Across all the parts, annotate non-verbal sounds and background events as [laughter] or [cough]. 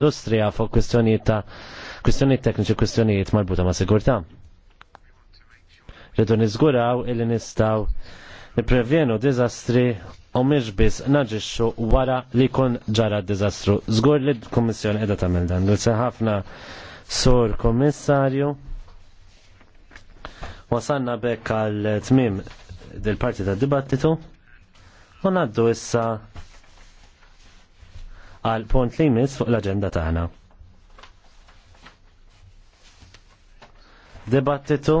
industrija fuq kwistjonijiet ta' kwistjonijiet tekniċi kwistjonijiet marbuta ma' sigurtà. Rridu niżguraw illi nistgħu niprevjenu diżastri u mhix biss naġixxu wara li kun ġara d-diżastru. li l-Kummissjoni qiegħda tagħmel dan. Nilse ħafna sur Kommissarju. Wasanna bekk għal tmim del parti tad dibattitu u ngħaddu issa għal pont li jmiss fuq l-agenda taħna. Debattitu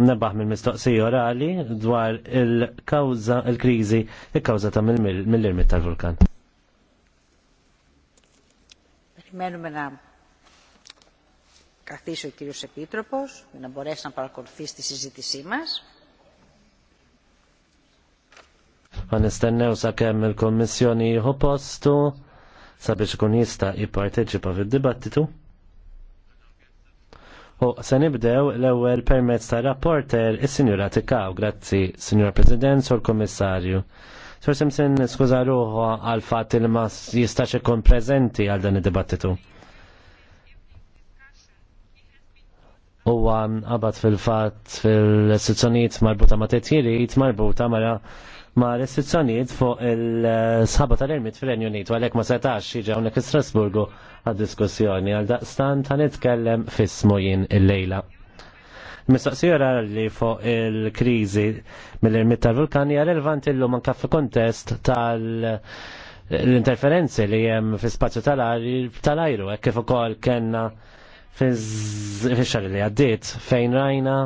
nebaħ mill-mistoqsija orali dwar il-kawza, il-krizi, il-kawza ta' mill-irmit tal-vulkan. Περιμένουμε να καθίσει il κύριος Επίτροπος, minna boresna να παρακολουθήσει τη συζήτησή μας. Għan istennew sa' kemm il-Kommissjoni jieħu postu sabiex kun jista' jipparteċipa fid-dibattitu. U se nibdew l-ewwel permezz ta' rapporter is-Sinjura Tikaw, grazzi Sinjura President Sur kommissarju Sur Simpson, skuża ruħu għal fatt li ma jistax ikun preżenti għal dan id-dibattitu. U għabad fil-fat fil-sezzjonijiet marbuta ma' tetjirijiet marbuta ma' ma' restrizzjonijiet fuq il-sħaba tal-ermit fil-Renju Unit, għalek ma' setax jiġi hawnhekk Strasburgu għad-diskussjoni għal daqstan ta' nitkellem fissmu jien il-lejla. Mistaqsira li fuq il-kriżi mill-ermit tal-vulkani hija relevanti llum man kaffi kontest tal- l-interferenzi li jem fi spazju tal-ajru, kif ukoll kellna fi xar li għaddiet fejn rajna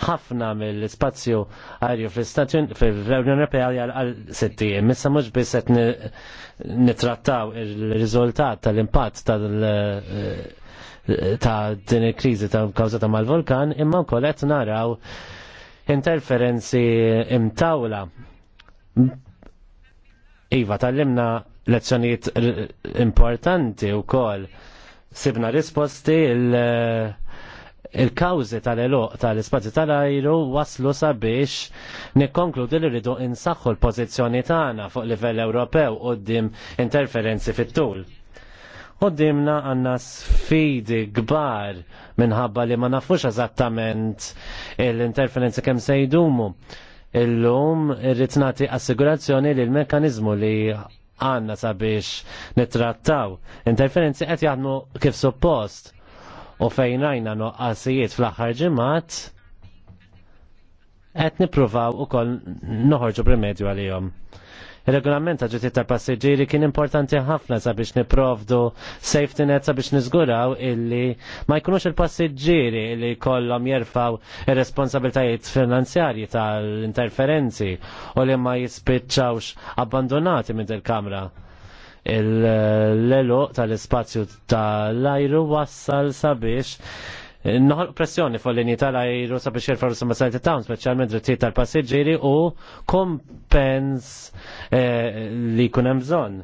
ħafna mill-spazju aerju fl-Unjoni Ewropea għal sitti. Missa mhux biss qed nitrattaw ir-riżultat tal-impatt tal- eh, ta' din il-kriżi ta' kawżata mal-vulkan, imma wkoll qed naraw interferenzi imtawla. Iva, tal-limna lezzjonijiet importanti wkoll sibna risposti il- il-kawzi tal eloq tal-ispazju tal-ajru waslu sabiex nikkonkludi li rridu insaħħu l-pożizzjoni tagħna fuq livell Ewropew qudiem interferenzi fit-tul. Qoddimna għanna sfidi gbar minħabba li ma nafux eżattament l-interferenzi kemm se jdumu. Illum irrid nagħti assigurazzjoni li l-mekkaniżmu li għanna sabiex nittrattaw. Interferenzi qed jaħdmu kif suppost u fejn rajna noqqasijiet fl-aħħar ġimgħat qed nippruvaw ukoll noħorġu b'rimedju għalihom. Il-regolament ta' ġitiet ta' passiġġieri kien importanti ħafna sabiex niprovdu safety net sabiex niżguraw illi ma jkunux il-passiġġieri li kollhom jerfaw ir-responsabiltajiet finanzjarji tal-interferenzi u li ma jispiċċawx abbandonati minn il-kamra l-elu tal-ispazju tal-ajru wassal sabiex Noħol pressjoni fuq linji tal-ajru sabiex jirfaru s sajti tawn, specialment dritti tal-passiġġieri u kompens eh, li kunem hemm bżonn.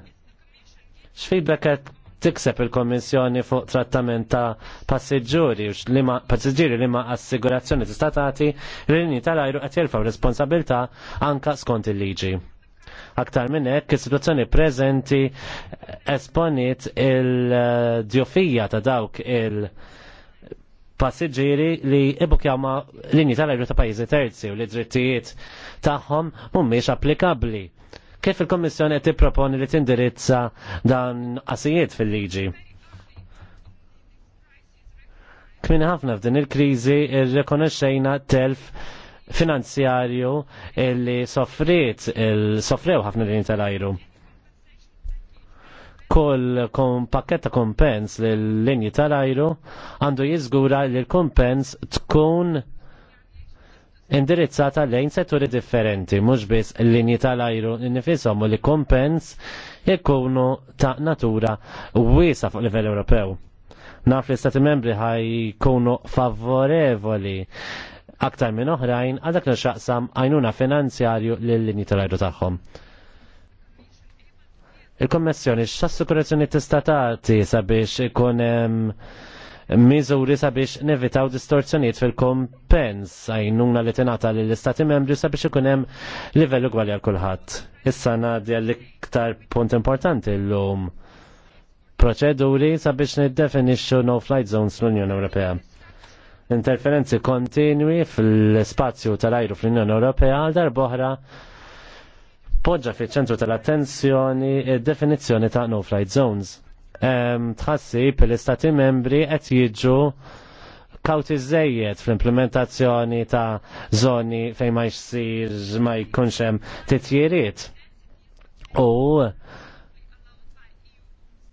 X'feedback qed tikseb il-Kommissjoni fuq trattament ta' Passiġġuri u passiġġieri li ma' assigurazzjoni tista' tagħti l-linji tal-ajru qed jelfgħu responsabilità anka skont il-liġi. Aktar minn hekk is-sitwazzjoni preżenti esponit il-djofija ta' dawk il- passiġġieri li ibukjama linji tal-ajru ta' pajjiżi terzi u li drittijiet tagħhom mhumiex applikabbli. Kif il-Kommissjoni qed tipproponi li tindirizza dan qasijiet fil-liġi? Kmin ħafna f'din il-kriżi irrekonoxxejna telf finanzjarju li soffriet, soffrew ħafna din tal-ajru. Kull pakket ta' kompens l-linji tal-ajru għandu jizgura li l-kompens tkun indirizzata lejn setturi differenti, mhux biss l-linji tal-ajru nifisom u li kompens jekunu ta' natura wiesa fuq livell Ewropew. Naf li stati membri ħaj kunu favorevoli aktar minn oħrajn għal dak xaqsam għajnuna finanzjarju lill-linji tal-għajdu tagħhom. Il-kommissjoni x'assikurazzjoni t tagħti sabiex ikun miżuri sabiex nevitaw distorzjoniet fil-kompens għajnuna li tingħata lill istati membri sabiex ikun hemm livell ugwali għal kulħadd. Issa ngħaddi l-iktar punt importanti llum proċeduri sabiex niddefinixxu no-flight zones l-Unjoni Ewropea. Interferenzi kontinwi fl-spazju tal-ajru fl-Unjoni Ewropea għal darboħra poġġa fiċ ċentru tal-attenzjoni id-definizzjoni ta' no-flight zones. Tħassib l-istati membri qed jiġu kawti zzejiet fl-implementazzjoni ta' zoni fejn ma jsir ma jkunx hemm titjiriet. U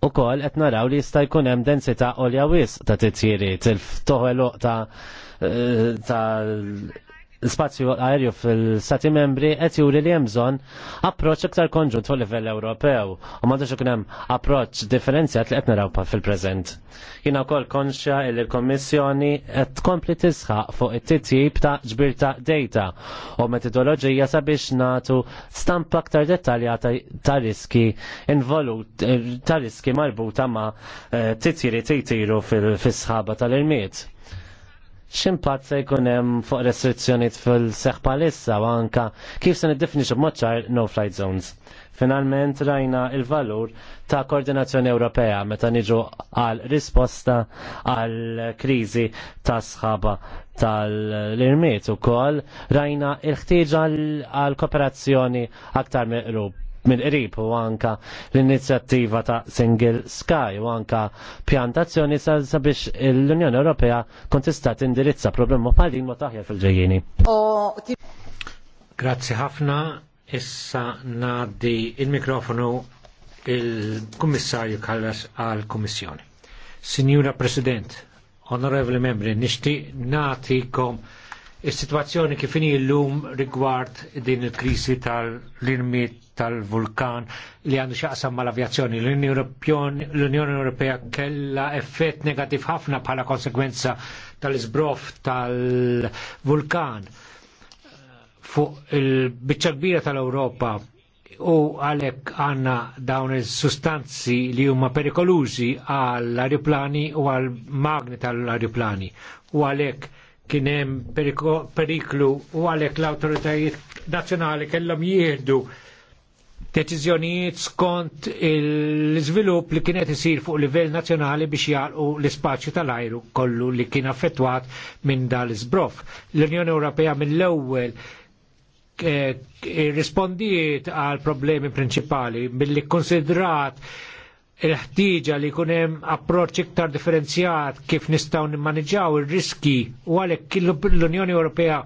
U kol qed naraw li jista' jkun hemm densità olja wis ta' titjiriet il-toħeluq ta' eh, ta' l-spazju aerju fil-stati membri qed juri li hemm bżonn approċċ iktar konġunt fuq livell Ewropew u m'għandux ikun hemm approċċ differenzjat li qed naraw fil-preżent. Jiena wkoll konxja li l-Kommissjoni qed tkompli tisħaq fuq it-titjib ta' ġbir ta' data u metodoloġija sabiex nagħtu stampa aktar dettaljata ta' riski involut ta' riski marbuta ma' eh, titjiri titiru fil-sħaba tal-irmiet ximpat se jkun hemm fuq restrizzjonijiet fil-seħħ palissa u anka kif se niddefinixu b'mod no-flight zones. Finalment rajna il-valur ta' koordinazzjoni Ewropea meta niġu għal risposta għal kriżi ta' sħaba tal-irmiet u kol rajna il-ħtieġa għal kooperazzjoni aktar meqrub mill-qrib u anka l-inizjattiva ta' Single Sky u anka pjantazzjoni sabiex l-Unjoni Ewropea kontista tindirizza problemu bħal ma taħjar fil-ġejjini. Grazzi ħafna, issa nadi il-mikrofonu il-Kummissarju Kallas għal-Kummissjoni. Signora President, onorevoli membri, nishti natikom Is-sitwazzjoni kif inhi llum rigward din il-krisi tal-irmi tal-vulkan li għandu xaqsam mal-avjazzjoni. L-Unjoni Ewropea kellha effett negattiv ħafna bħala konsekwenza tal-isbrof tal-vulkan fuq il-bicċa kbira tal-Ewropa u għalek għanna dawn il-sustanzi li huma perikolużi għall-aeroplani u għall-magni tal-aeroplani u għalek kien hemm periklu u għalhekk l-awtoritajiet nazzjonali kellhom jieħdu deċiżjonijiet skont l-iżvilupp li kienet isir fuq livell nazzjonali biex jaqgħu l-ispazju tal-ajru kollu li kien affettwat minn dal isbrof L-Unjoni Ewropea mill-ewwel eh, rispondiet għal problemi prinċipali billi konsidrat il-ħtieġa li jkun hemm approċċ iktar differenzjat kif nistgħu nimmaniġaw ir-riski u għalhekk l-Unjoni Ewropea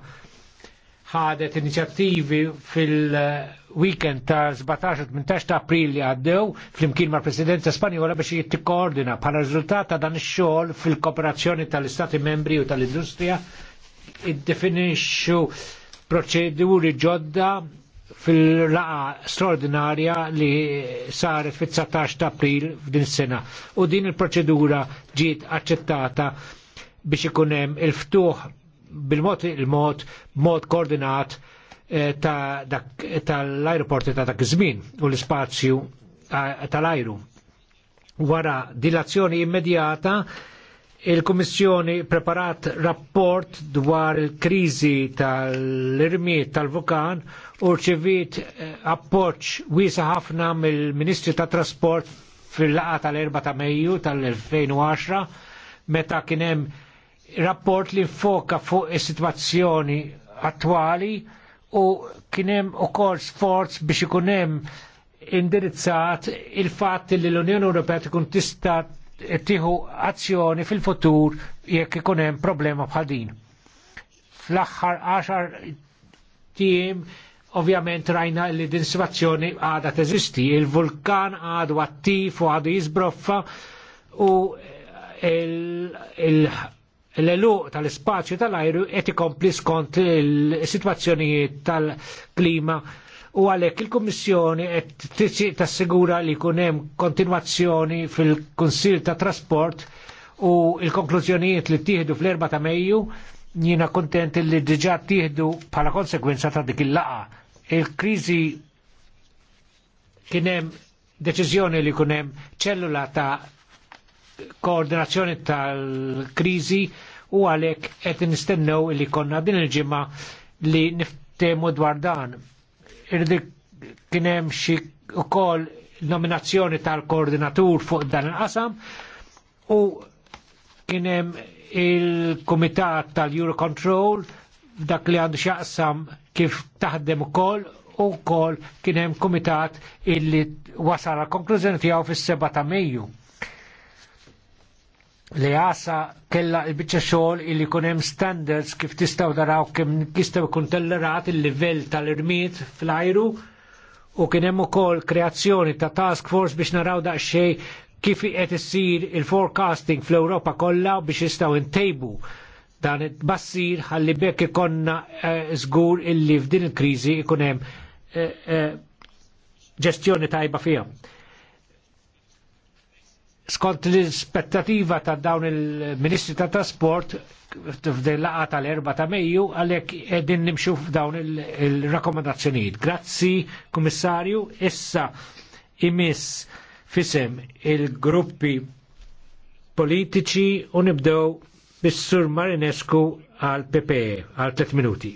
ħadet inizjattivi fil-weekend ta' 17-18 ta' april li għaddew fl-imkien ma' presidenza Spanjola biex jittikordina bħala riżultat ta' dan ix-xogħol fil-kooperazzjoni tal-Istati membri u tal-Industrija iddefinixxu proċeduri ġodda fil-laqa straordinarja li saret fit-19 ta' april f'din sena. U din il-proċedura ġiet aċċettata biex ikun hemm il-ftuħ bil-mod il-mod, mod koordinat eh, tal ajruporti ta' dak iż-żmien u l-ispazju eh, tal-ajru. Wara dilazzjoni immedjata, il-Kummissjoni preparat rapport dwar il-kriżi tal-irmiet tal-Vukan u rċivit eh, appoċ wiesa ħafna mill-Ministri ta' Trasport fil-laqa tal-4 ta' Mejju tal-2010 meta kien hemm rapport li foka fuq is-sitwazzjoni attwali u kien hemm ukoll sforz biex ikun hemm indirizzat il-fatt li l-Unjoni Ewropea tkun tista' tieħu azzjoni fil-futur jekk ikun hemm problema bħal din. Fl-aħħar 10 tim Ovvjament rajna li din situazzjoni għada teżisti, il-vulkan għadu attiv u għadu jizbroffa u l-eluq tal-spazju tal-ajru qed ikompli skont il-sitwazzjonijiet tal-klima u għalhekk il kommissjoni qed tassegura li jkun hemm fil konsil ta' Trasport u l-konklużjonijiet li tieħdu fl erba ta' Mejju jiena kuntent li diġà tieħdu bħala konsegwenza ta' dik il-laqa il krizi kienem deċizjoni li kunem ċellula ta' koordinazzjoni tal krizi u għalek qed nistennew li konna din il ġimma li niftemu dwar dan. Irdi kienem hemm xi ukoll nominazzjoni tal-koordinatur fuq dan il-qasam u kienem il komitat tal-Eurocontrol Dak li għandu xaqsam kif taħdem kol u kol kienem komitat illi wasal għal konklużjoni tiegħu fis-7 ta' Mejju. Li għasa kella il-bicċa xogħol illi kunem standards kif tistaw daraw kemm jistgħu jkun tellerat il-livell tal irmit fl-ajru u kienem ukoll kreazzjoni ta' task force biex naraw xejn kif qed issir il-forecasting fl-Ewropa kollha biex jistgħu intejbu dan it-bassir ħalli bekk ikonna eh, żgur illi f'din il-kriżi ikun hemm eh, eh, ġestjoni tajba fiha. Skont l-ispettativa ta' dawn il-Ministri ta' Trasport f'din laqgħa tal erba ta' Mejju għalhekk qegħdin nimxu f'dawn il-rakkomandazzjonijiet. Grazzi, Kummissarju, issa imiss fisem il-gruppi politiċi u nibdew bis-Sur Marinescu għal PP e, għal 3 minuti.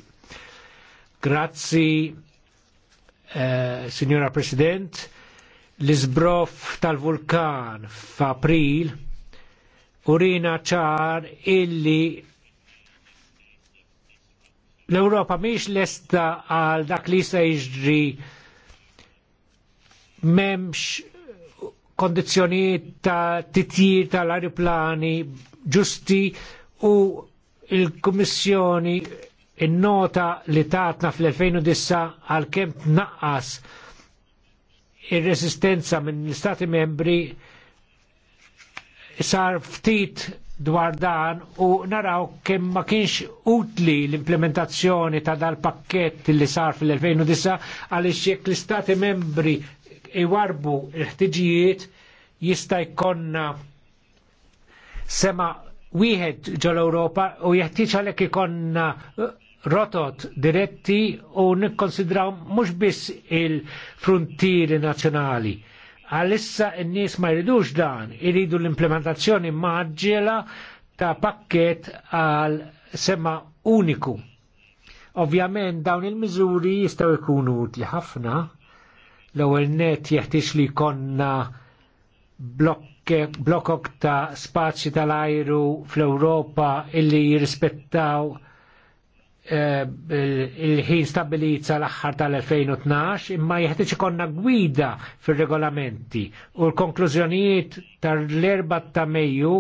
Grazzi, uh, Signora President, l-izbrof tal-vulkan f'April urina ċar illi l-Europa miex lesta għal dak li se jiġri memx kondizzjonijiet ta' titjir tal ajruplani ġusti u il-Kummissjoni nnota li tatna fl-2009 għal kemm tnaqqas ir-resistenza minn l-Stati membri sar ftit dwar dan u naraw kemm ma kienx utli l-implementazzjoni ta' dal-pakket li sar fil-2009 għaliex jekk l-Istati membri iwarbu l-ħtiġijiet jista' jkollna sema wieħed ġol Ewropa u jeħtieġ għalhekk ikonna rotot diretti u nikkonsidraw mhux biss il-fruntieri nazzjonali. Għalissa n-nies ma jridux dan, iridu l-implementazzjoni maġġela ta' pakket għal sema uniku. Ovvjament dawn il-miżuri jistgħu jkunu utli ħafna L-ewwel net jeħtieġ li jkollna blokok ta' spazji tal-ajru fl-Ewropa illi jirrispettaw eh, il-ħin stabilit sal-axħar tal-2012 imma jeħtieġ konna gwida fir-regolamenti u l-konklużjonijiet tal-erba ta' Mejju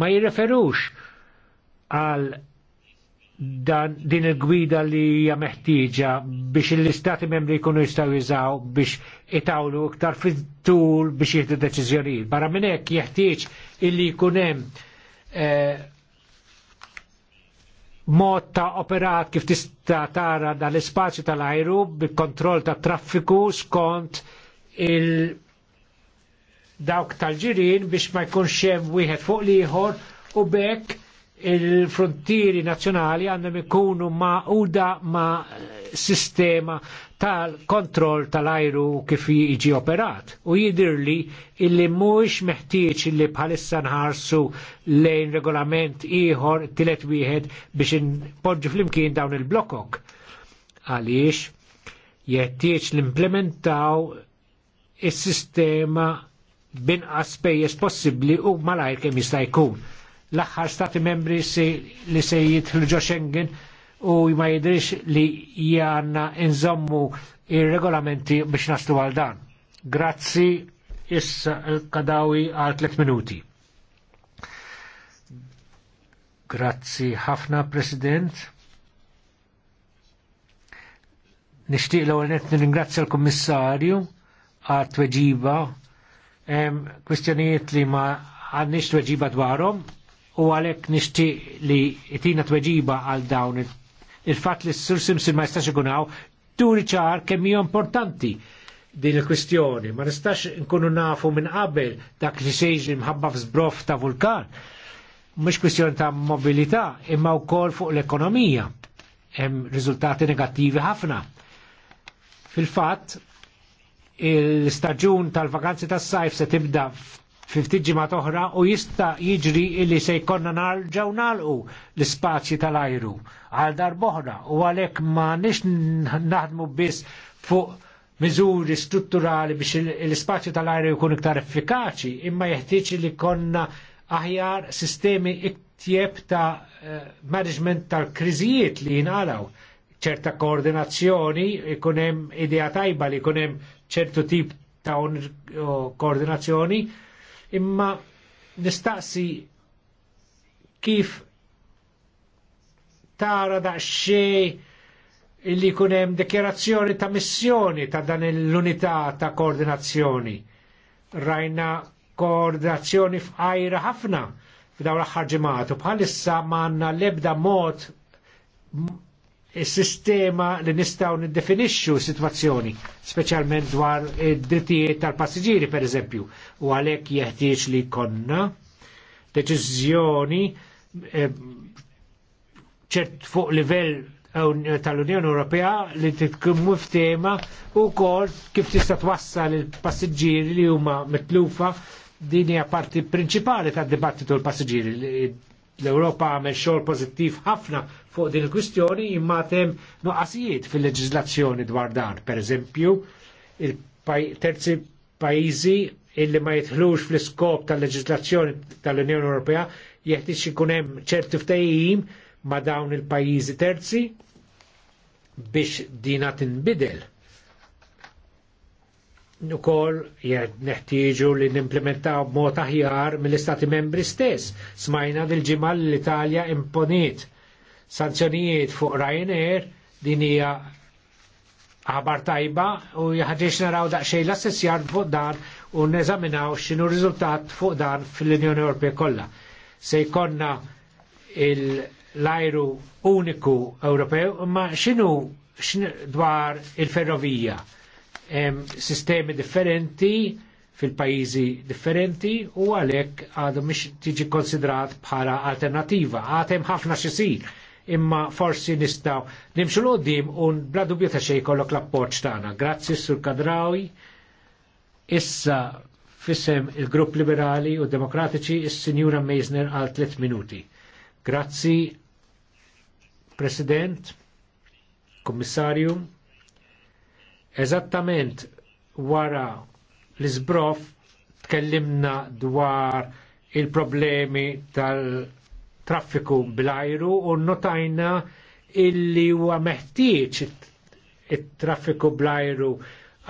ma jirreferux għal dan din il-gwida li hija meħtieġa biex l-istati membri jkunu jistgħu jużaw biex itawlu iktar fit-tul biex jieħdu deċiżjonijiet. Barra minn hekk jeħtieġ illi jkun hemm eh, mod ta' operat kif tista' tara dal-ispazju tal-ajru bil-kontroll ta' traffiku skont il dawk tal-ġirien biex ma jkunx hemm wieħed fuq l-ieħor u bekk il-frontieri nazzjonali għandhom ikunu maquda ma' sistema tal-kontroll tal-ajru kif jiġi operat. U li illi mhux meħtieġ illi bħalissa nħarsu lejn regolament ieħor tilet wieħed biex npoġġu flimkien dawn il-blokok. Għaliex jeħtieġ l-implementaw is-sistema binqas pejjeż possibbli u malajr kemm jista' jkun l-aħħar stati membri li se jitħlu ġo Schengen u ma jidrix li jgħanna nżommu il-regolamenti biex naslu għal dan. Grazzi, issa kadawi għal 3 minuti. Grazzi ħafna, President. Nishtiq l-għol net ringrazzja l-Kommissarju għal tweġiba kwistjonijiet li ma għannix tweġiba dwarom u għalek nishti li jtina tweġiba għal dawn il-fat li s-sur Simpson ma jistax ikunaw turi ċar kemm hija importanti din il-kwistjoni. Ma nistax nkunu nafu minn qabel dak li sejġi mħabba f'sbrof ta' vulkan. Mhux kwistjoni ta' mobilità imma wkoll fuq l-ekonomija. Hemm riżultati negattivi ħafna. Fil-fatt, il-staġun tal-vakanzi tas-sajf se tibda ftit oħra u jista' jiġri illi se jkollna narġaw nagħlqu l-ispazji tal-ajru għal darboħra u għalhekk ma nix naħdmu biss fuq miżuri strutturali biex l-ispazju tal-ajru jkun iktar effikaċi, imma jeħtieġ li konna aħjar sistemi iktieb ta' eh, management tal-kriżijiet li jingħalaw ċerta koordinazzjoni, ikun hemm idea tajba li jkun hemm ċertu tip ta' koordinazzjoni, imma nistaqsi kif tara da xej illi kunem dekjerazzjoni ta' missjoni ta' dan l-unità ta' koordinazzjoni. Rajna koordinazzjoni f'ajra ħafna f'daw l-ħarġimatu bħalissa ma' l-ebda mod sistema li nistaw niddefinixxu situazzjoni, speċjalment dwar id-drittijiet tal-passiġġieri per eżempju, u għalhekk jeħtieġ li konna deċiżjoni eh, ċert fuq livell tal-Unjoni Ewropea li titkun f'tema u kol kif tista' twassal il-passiġġieri li huma mitlufa din hija parti prinċipali tad-dibattitu l-passiġġieri l-Europa għamel xogħol pozittiv ħafna fuq din il-kwistjoni imma tem nuqqasijiet fil-leġiżlazzjoni dwar dan. Per eżempju, terzi pajjiżi illi ma jitħlux fl-iskop tal leġizlazzjoni tal-Unjoni Ewropea jeħtieġ ikun hemm ċerti ftehim ma' dawn il-pajjiżi terzi biex dina tinbidel Nukol jed neħtieġu li nimplementaw b'mod aħjar mill-Istati membri stess. Smajna dil-ġimgħa l-Italja imponiet sanzjonijiet fuq Ryanair din hija ħabar tajba u jħadġiex naraw daqxej l-assessjar fuq dan u neżaminaw x'inhu riżultat fuq dan fil-Unjoni Ewropea kollha. Se jkollna l-ajru uniku Ewropew, ma x'inhu dwar il-ferrovija? sistemi differenti fil-pajizi differenti u għalek għadu miex tiġi konsidrat bħala alternativa. Għatem ħafna xisi imma forsi nistaw nimxu l-għoddim un bla dubju ta' xej kollok l-appoċ tagħna. Grazzi sur kadrawi. Issa fissem il-Grupp Liberali u Demokratiċi is-Sinjura Meisner għal 3 minuti. Grazzi, President, Kommissarju, Eżattament wara l-izbrof tkellimna dwar il-problemi tal-traffiku bil-ajru u notajna illi huwa meħtieġ it-traffiku bl-ajru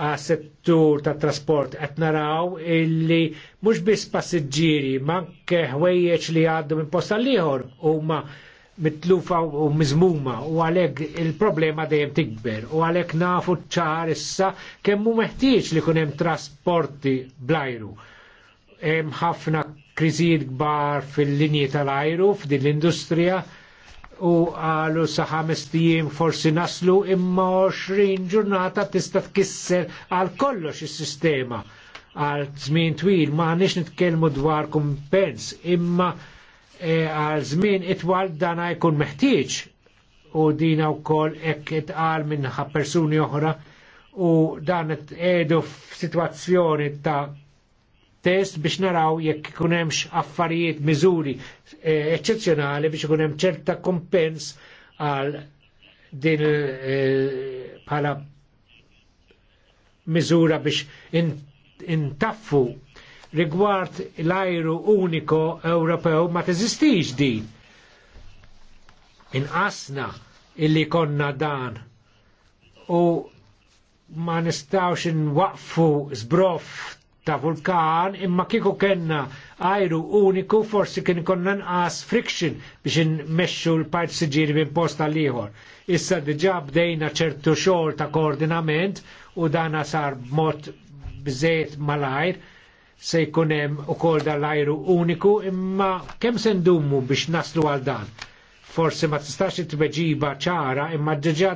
għas-settur tat trasport qed naraw illi mhux biss passiġġieri ma anke ħwejjeġ li għaddu minn posta l-ieħor huma ma mitlufa u mizmuma u għalek il-problema dejjem tikber u għalek nafu ċar issa kemmu meħtieġ li kunem trasporti blajru. Hemm ħafna kriżijiet kbar fil-linji tal-ajru f'din l-industrija u għalu sa tijiem forsi naslu imma 20 ġurnata tista' tkisser għal kollox is-sistema għal żmien twil ma nix nitkellmu dwar kumpens imma E, għal żmien itwal dana jkun meħtieġ u dina wkoll hekk itqal minnaħa persuni oħra u dan edu f'sitwazzjoni ta' test biex naraw jekk ikun hemmx affarijiet miżuri e, eċċezzjonali biex ikun hemm ċerta kompens għal din e, bħala miżura biex intaffu in rigward l-ajru uniku Ewropew ma teżistix din. Inqasna illi konna dan u ma nistawx nwaqfu zbrof ta' vulkan imma kieku kenna ajru uniku forsi kien konna nqas friction biex nmexxu l parti siġiri minn posta liħor. Issa diġà bdejna ċertu xogħol ta' koordinament u dana sar b'mod bżejt malajr se jkun hemm ukoll dal-ajru uniku imma kemm se ndummu biex naslu għal dan. Forsi ma tistax it beġiba ċara imma ġeġa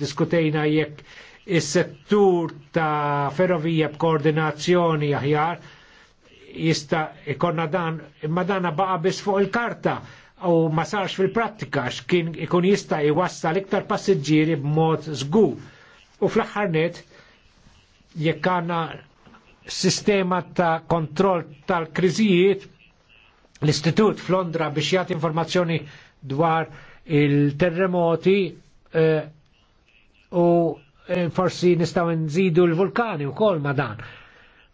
diskutejna jekk is-settur ta' ferrovija b'koordinazzjoni aħjar jista ikonna dan imma dana baqa biss fuq il-karta u ma sarx fil-prattika x'kien ikun jista' l iktar passiġġieri b'mod żgur. U fl-aħħar net jekk għandna sistema ta' kontroll tal-kriżijiet l-istitut f'Londra biex jagħti informazzjoni dwar il-terremoti eh, u eh, forsi nistgħu nżidu l-vulkani wkoll ma' dan.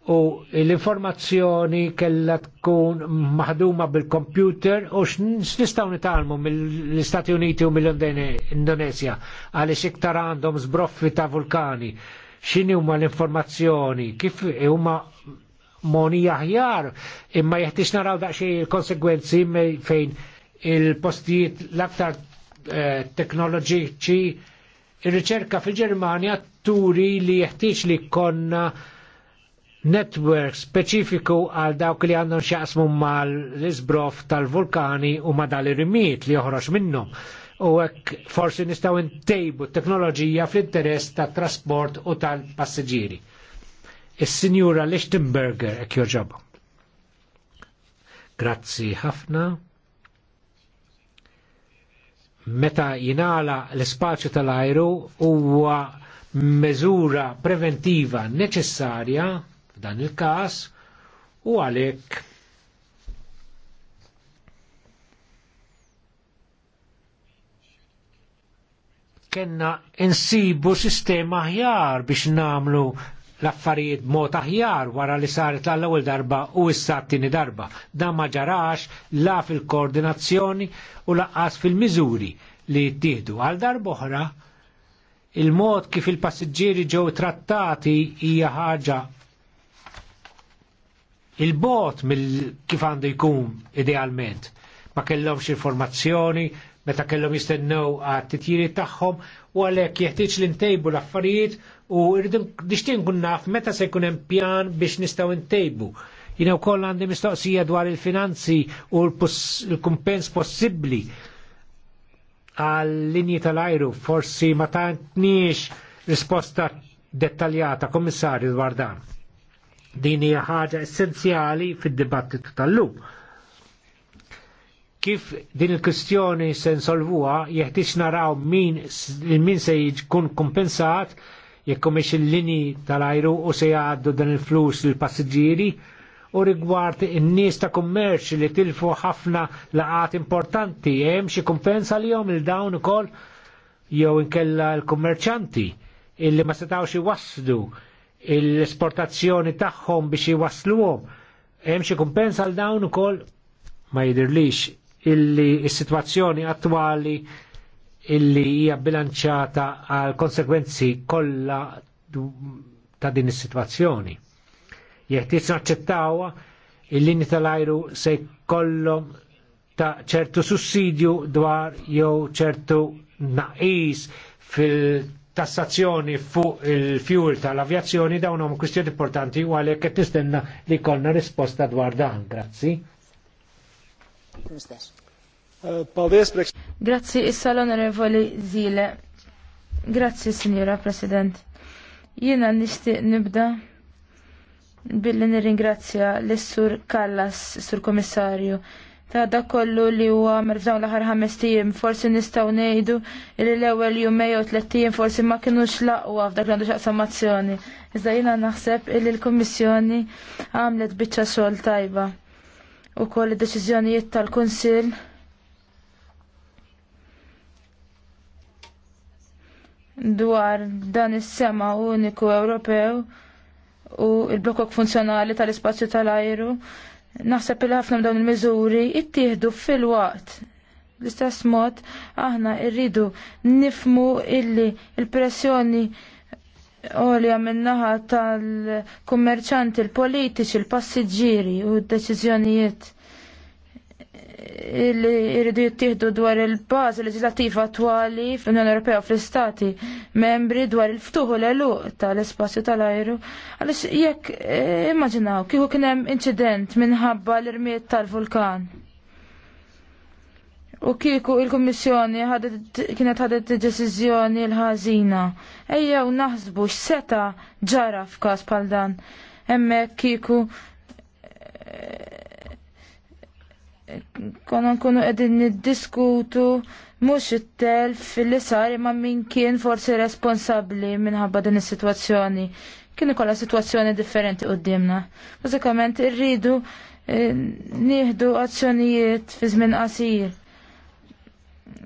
U l-informazzjoni kellha tkun maħduma bil kompjuter u x'nistgħu nitalmu mill-Istati Uniti u mill Indonezja għaliex iktar għandhom zbroffi ta' vulkani xini huma l-informazzjoni, kif huma moni aħjar, imma jħtix naraw daqsxejn il-konsegwenzi fejn il-postijiet l-aktar eh, teknoloġiċi il riċerka fil-Ġermanja turi li jħtix li konna network speċifiku għal dawk li għandhom xaqsmu mal l-isbrof tal-vulkani u ma dal rimit li joħroġ minnhom u hekk forsi nistgħu ntejbu t-teknoloġija fl-interess tat trasport u tal-passiġġieri. Is-Sinjura Lichtenberger hekk joġobhom. Grazzi ħafna. Meta jinala l-spazju tal-ajru huwa meżura preventiva neċessarja f'dan il-każ u għalhekk kena insibu sistema aħjar biex namlu l-affarijiet mod aħjar wara li saret l ewwel darba u issa t-tini darba. Dan ma ġarax la fil-koordinazzjoni u laqqas fil-miżuri li jittieħdu. Għal darba oħra, il-mod kif il-passiġġieri ġew trattati hija ħaġa il-bot mill kif għandu jkun idealment. Ma kellhomx informazzjoni, meta kellhom jistennew għat titjiri tagħhom u għalhekk jeħtieġ li ntejbu l-affarijiet u rridu nixtieq nkun naf meta se jkun hemm pjan biex nistgħu ntejbu. Jina koll għandi mistoqsija dwar il-finanzi u l-kumpens possibbli għal linji tal-ajru forsi ma tantniex risposta dettaljata kommissarju dwar dan. Din hija ħaġa essenzjali fid-dibattitu tal-lum kif din il kustjoni se nsolvuha jeħtieġ naraw min min se jkun kompensat jekk mhix il-linji tal-ajru u se jgħaddu dan il-flus il passiġġieri u rigward in-nies ta' kummerċ li tilfu ħafna laqat importanti hemm xi kompensa li jom il-dawn ukoll jew inkella l-kummerċanti illi ma setaw xie waslu l-esportazzjoni tagħhom biex iwassluhom hemm xi kompensa l dawn ukoll ma jidirlix illi is situazzjoni attwali illi hija bilanċata għal konsekwenzi kollha ta' din is-sitwazzjoni. Jeħtieġ naċċettawha il-linji tal-ajru se jkollhom ta' ċertu sussidju dwar jew ċertu naqis fil-tassazzjoni fuq il-fuel tal-avjazzjoni dawn huma kwistjoni importanti u għalhekk qed nistenna li jkollna risposta dwar dan. Grazzi. Grazie Grazzi, issa l-onorevoli Zile. Grazzi, Signora President. Jiena nixtieq nibda billi nirringrazzja l-Sur Kallas, Sur Komissarju, ta' da kollu li huwa merfdawn l-aħħar ħames tiem, forsi nistgħu ngħidu li l-ewwel jumej u tliet tiem forsi ma kinux laqwa f'dak l għandu x'aq azzjoni. Iżda jiena naħseb li l-Kummissjoni għamlet biċċa xogħol tajba u koll deċiżjonijiet tal-Kunsill. dwar dan is-sema uniku Ewropew u l-blokok funzjonali tal-ispazju tal-ajru. Naħseb li ħafna dawn il-miżuri ittieħdu fil-waqt. L-istess mod aħna rridu nifmu illi il-pressjoni il pressjoni għolja minnaħa tal-kummerċanti, il-politiċi, il-passiġġieri u d-deċiżjonijiet li jridu jittieħdu dwar il-bażi leġislattiva attwali fl-Unjoni Ewropea fl-Istati membri dwar il-ftuħu l elu tal-espazju tal-ajru. Għaliex jekk eh, immaġinaw kieku kien hemm inċident minħabba l-irmiet tal-vulkan. U kieku il-Kommissjoni kienet ħadet deċiżjoni l-ħażina. Ejja u naħsbu x'seta ġara f'każ bħal dan. Hemmhekk kieku eh, konon kunu qegħdin niddiskutu mhux it-telf li sar imma min kien forsi responsabbli minħabba din is-sitwazzjoni. Kien ikolla sitwazzjoni differenti quddiemna. Bażikament irridu eh, nieħdu azzjonijiet fi żmien qasir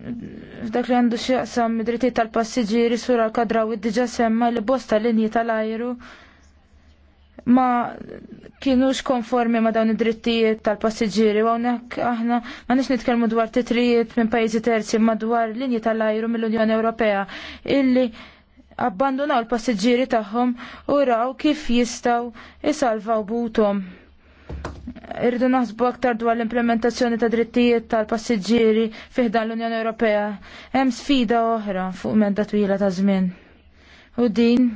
f'dak li għandu xieqsam drittijiet tal-passiġġieri sura l-kadraw id-diġa semma li bosta linji tal-ajru ma kienux konformi ma dawn id-drittijiet tal-passiġġieri u hawnhekk aħna ma nix nitkellmu dwar titrijiet minn pajjiżi terzi ma dwar linji tal-ajru mill-Unjoni Ewropea illi abbandonaw l-passiġġieri tagħhom u raw kif jistgħu isalvaw butom. Irridu naħsbu aktar dwar l-implementazzjoni ta' drittijiet tal-passiġġieri fiħdan l-Unjoni Ewropea. Hemm sfida oħra fuq medda twila ta' żmien. U din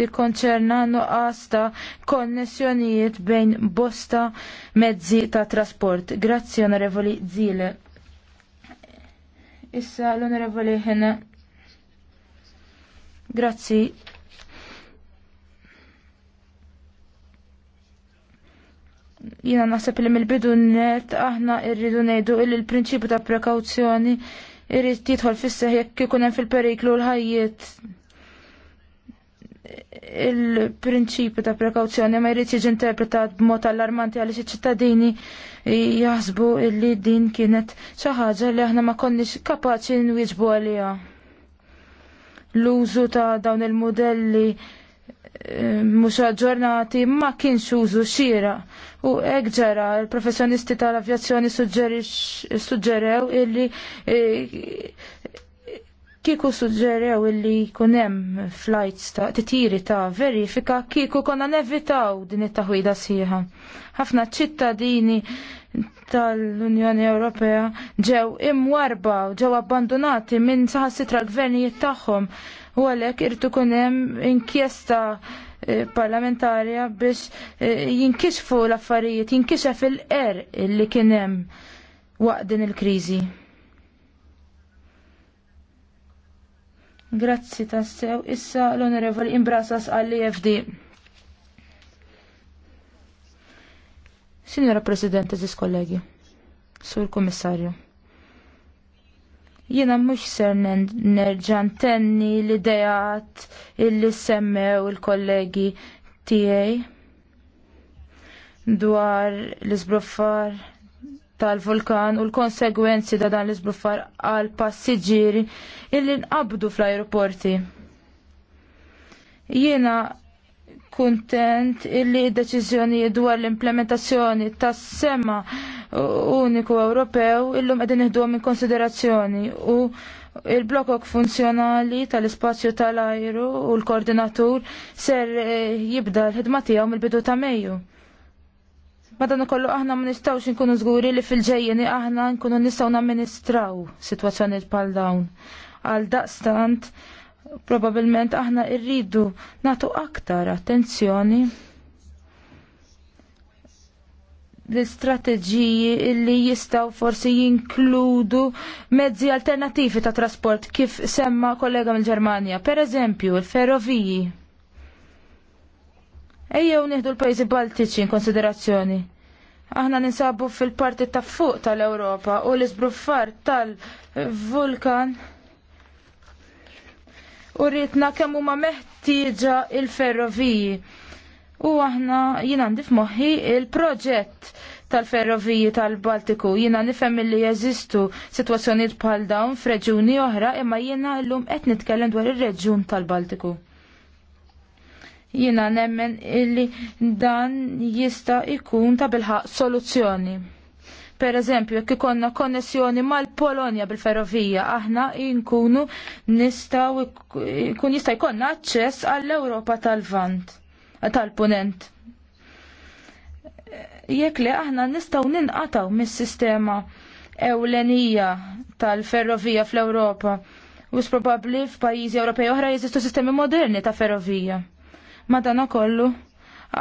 tikkonċerna nuqqas ta' konnessjonijiet bejn bosta mezzi ta' trasport. Grazzi onorevoli Zile. Issa l-onorevoli ħena. Grazzi. Jiena naħseb li mill-bidu net aħna rridu ngħidu li l-prinċipju ta' prekawzjoni irrid jidħol fis-seħ jekk ikun hemm fil-periklu l-ħajjiet il-prinċipju ta' prekawzjoni ma jrid jiġi interpretat b'mod allarmanti għaliex iċ-ċittadini jaħsbu li din kienet xi ħaġa li aħna ma konniex kapaċi nwieġbu għaliha. L-użu ta' dawn il-modelli mhux aġġornati ma kienx użu xira u hekk ġara l-professjonisti tal-avjazzjoni suġġerew illi e, kieku suġġerew illi jkun hemm flights ta' titiri ta' verifika kieku konna nevitaw din it-taħwida sħiħa. Ħafna ċittadini tal-Unjoni Ewropea ġew imwarba u ġew abbandonati minn saħansitra l-gvernijiet tagħhom u għalhekk irtu kunem hemm inkjesta eh, parlamentarja biex eh, jinkisfu l-affarijiet, jinkisef il-qer li kien hemm waqt din il-kriżi. Grazzi tassew, issa l-onorevoli imbrasas għall-EFD. Signora Presidente, zis kollegi, Sur Kommissarju. Jiena mhux ser nerġa' ntenni l-idejat illi semmew il-kollegi tiegħi dwar l-iżbruffar tal-vulkan u l-konsegwenzi da dan l-iżbruffar għal passiġġieri illi nqabdu fl-ajruporti. Jiena kuntent illi deċiżjoni dwar l-implementazzjoni tas sema uniku Ewropew illum qegħdin iħduhom minn konsiderazzjoni u il-blokok funzjonali tal-ispazju tal-ajru u l-koordinatur ser eh, jibda l-ħidma tiegħu mill-bidu ta' Mejju. Madan ukollu aħna ma nistgħux inkunu żguri li fil-ġejjeni aħna nkunu nistgħu namministraw sitwazzjonijiet bħal dawn. Għal daqstant Probabilment aħna irridu natu aktar attenzjoni l-istrateġiji illi jistaw forsi jinkludu mezzi alternativi ta' trasport kif semma kollega mill-Ġermanja. Per eżempju, il-ferroviji. Ejjew nieħdu l-pajjiżi Baltiċi in konsiderazzjoni. Aħna ninsabu fil-parti ta' fuq tal-Ewropa u l-isbruffar tal-vulkan. tal ewropa u l isbruffar tal vulkan u rritna kemm huma meħtieġa il-ferroviji. U aħna jina ndif moħi il-proġett tal-ferroviji tal-Baltiku. Jina nifem li jeżistu situazzjoniet bħal dawn f'reġuni oħra imma jina l-lum qed nitkellem dwar ir-reġjun tal-Baltiku. Jina nemmen illi dan jista' ikun ta' bilħaq soluzzjoni. Per eżempju, jekk ikonna konnessjoni mal-Polonja bil-ferrovija, aħna nkunu nistaw, kun jista' jkollna aċċess għall-Ewropa tal-Vant, tal-Punent. Jekk li aħna nistaw ninqataw mis-sistema ewlenija tal-ferrovija fl-Ewropa u probabbli f'pajjiżi Ewropej oħra jeżistu sistemi moderni ta' ferrovija. dan kollu,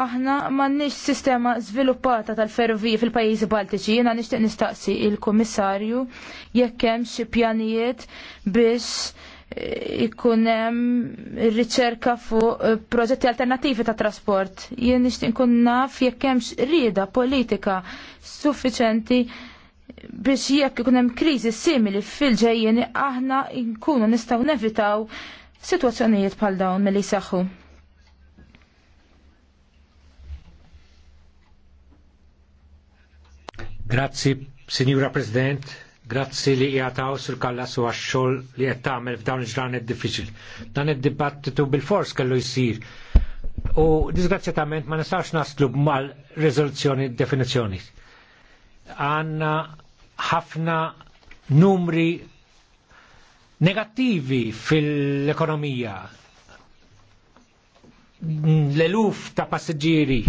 Aħna m'għandniex sistema żviluppata tal-ferrovija fil-pajjiżi Baltiċi, jiena nixtieq nistaqsi il-Kummissarju jekk hemm xi pjanijiet biex eh, ikun hemm riċerka fuq eh, proġetti alternattivi ta' trasport. Jien nixtieq nkun naf jekk hemmx rieda politika suffiċenti biex jekk ikun hemm kriżi simili fil-ġejjeni aħna nkunu nistgħu nevitaw sitwazzjonijiet bħal dawn milli saħħu. Grazzi, Signora President, grazzi li jgħataw sul kallasu għax-xogħol li qed tagħmel f'dawn il-ġranet diffiċli. Dan id-dibattitu bil-fors kellu jsir. U disgrazzjatament ma nistax naslu mal rezoluzzjoni definizzjoni. Għanna ħafna numri negattivi fil-ekonomija. L-eluf ta' passiġġieri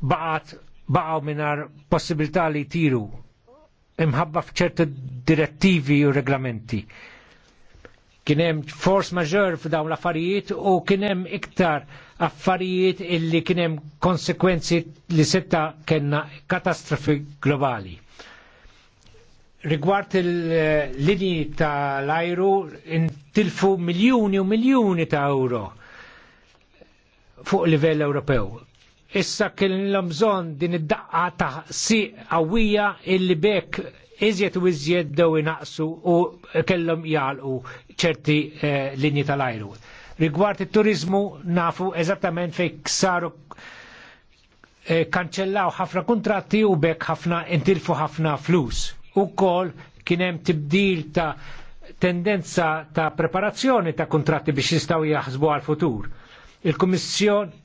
baqat baqgħu mingħajr possibilità li jtiru imħabba f'ċerti direttivi u reglamenti. Kien hemm force majeur f'dawn l-affarijiet u kien hemm iktar affarijiet illi kien hemm konsekwenzi li setta kellna katastrofi globali. Rigward il-linji tal-ajru intilfu miljuni u miljuni ta' euro fuq livell Ewropew issa kellhom bżonn din id-daqqa ta' siq qawwija illi bekk iżjed u iżjed dew inaqsu u kellhom jgħalqu ċerti eh, linji tal-ajru. Rigward it-turizmu nafu eżattament fejn saru eh, kanċellaw ħafna kuntratti u bekk ħafna intilfu ħafna flus. U kol kienem tibdil ta' tendenza ta' preparazzjoni ta' kuntratti biex jistaw jaħsbu għal-futur. Il-Kummissjoni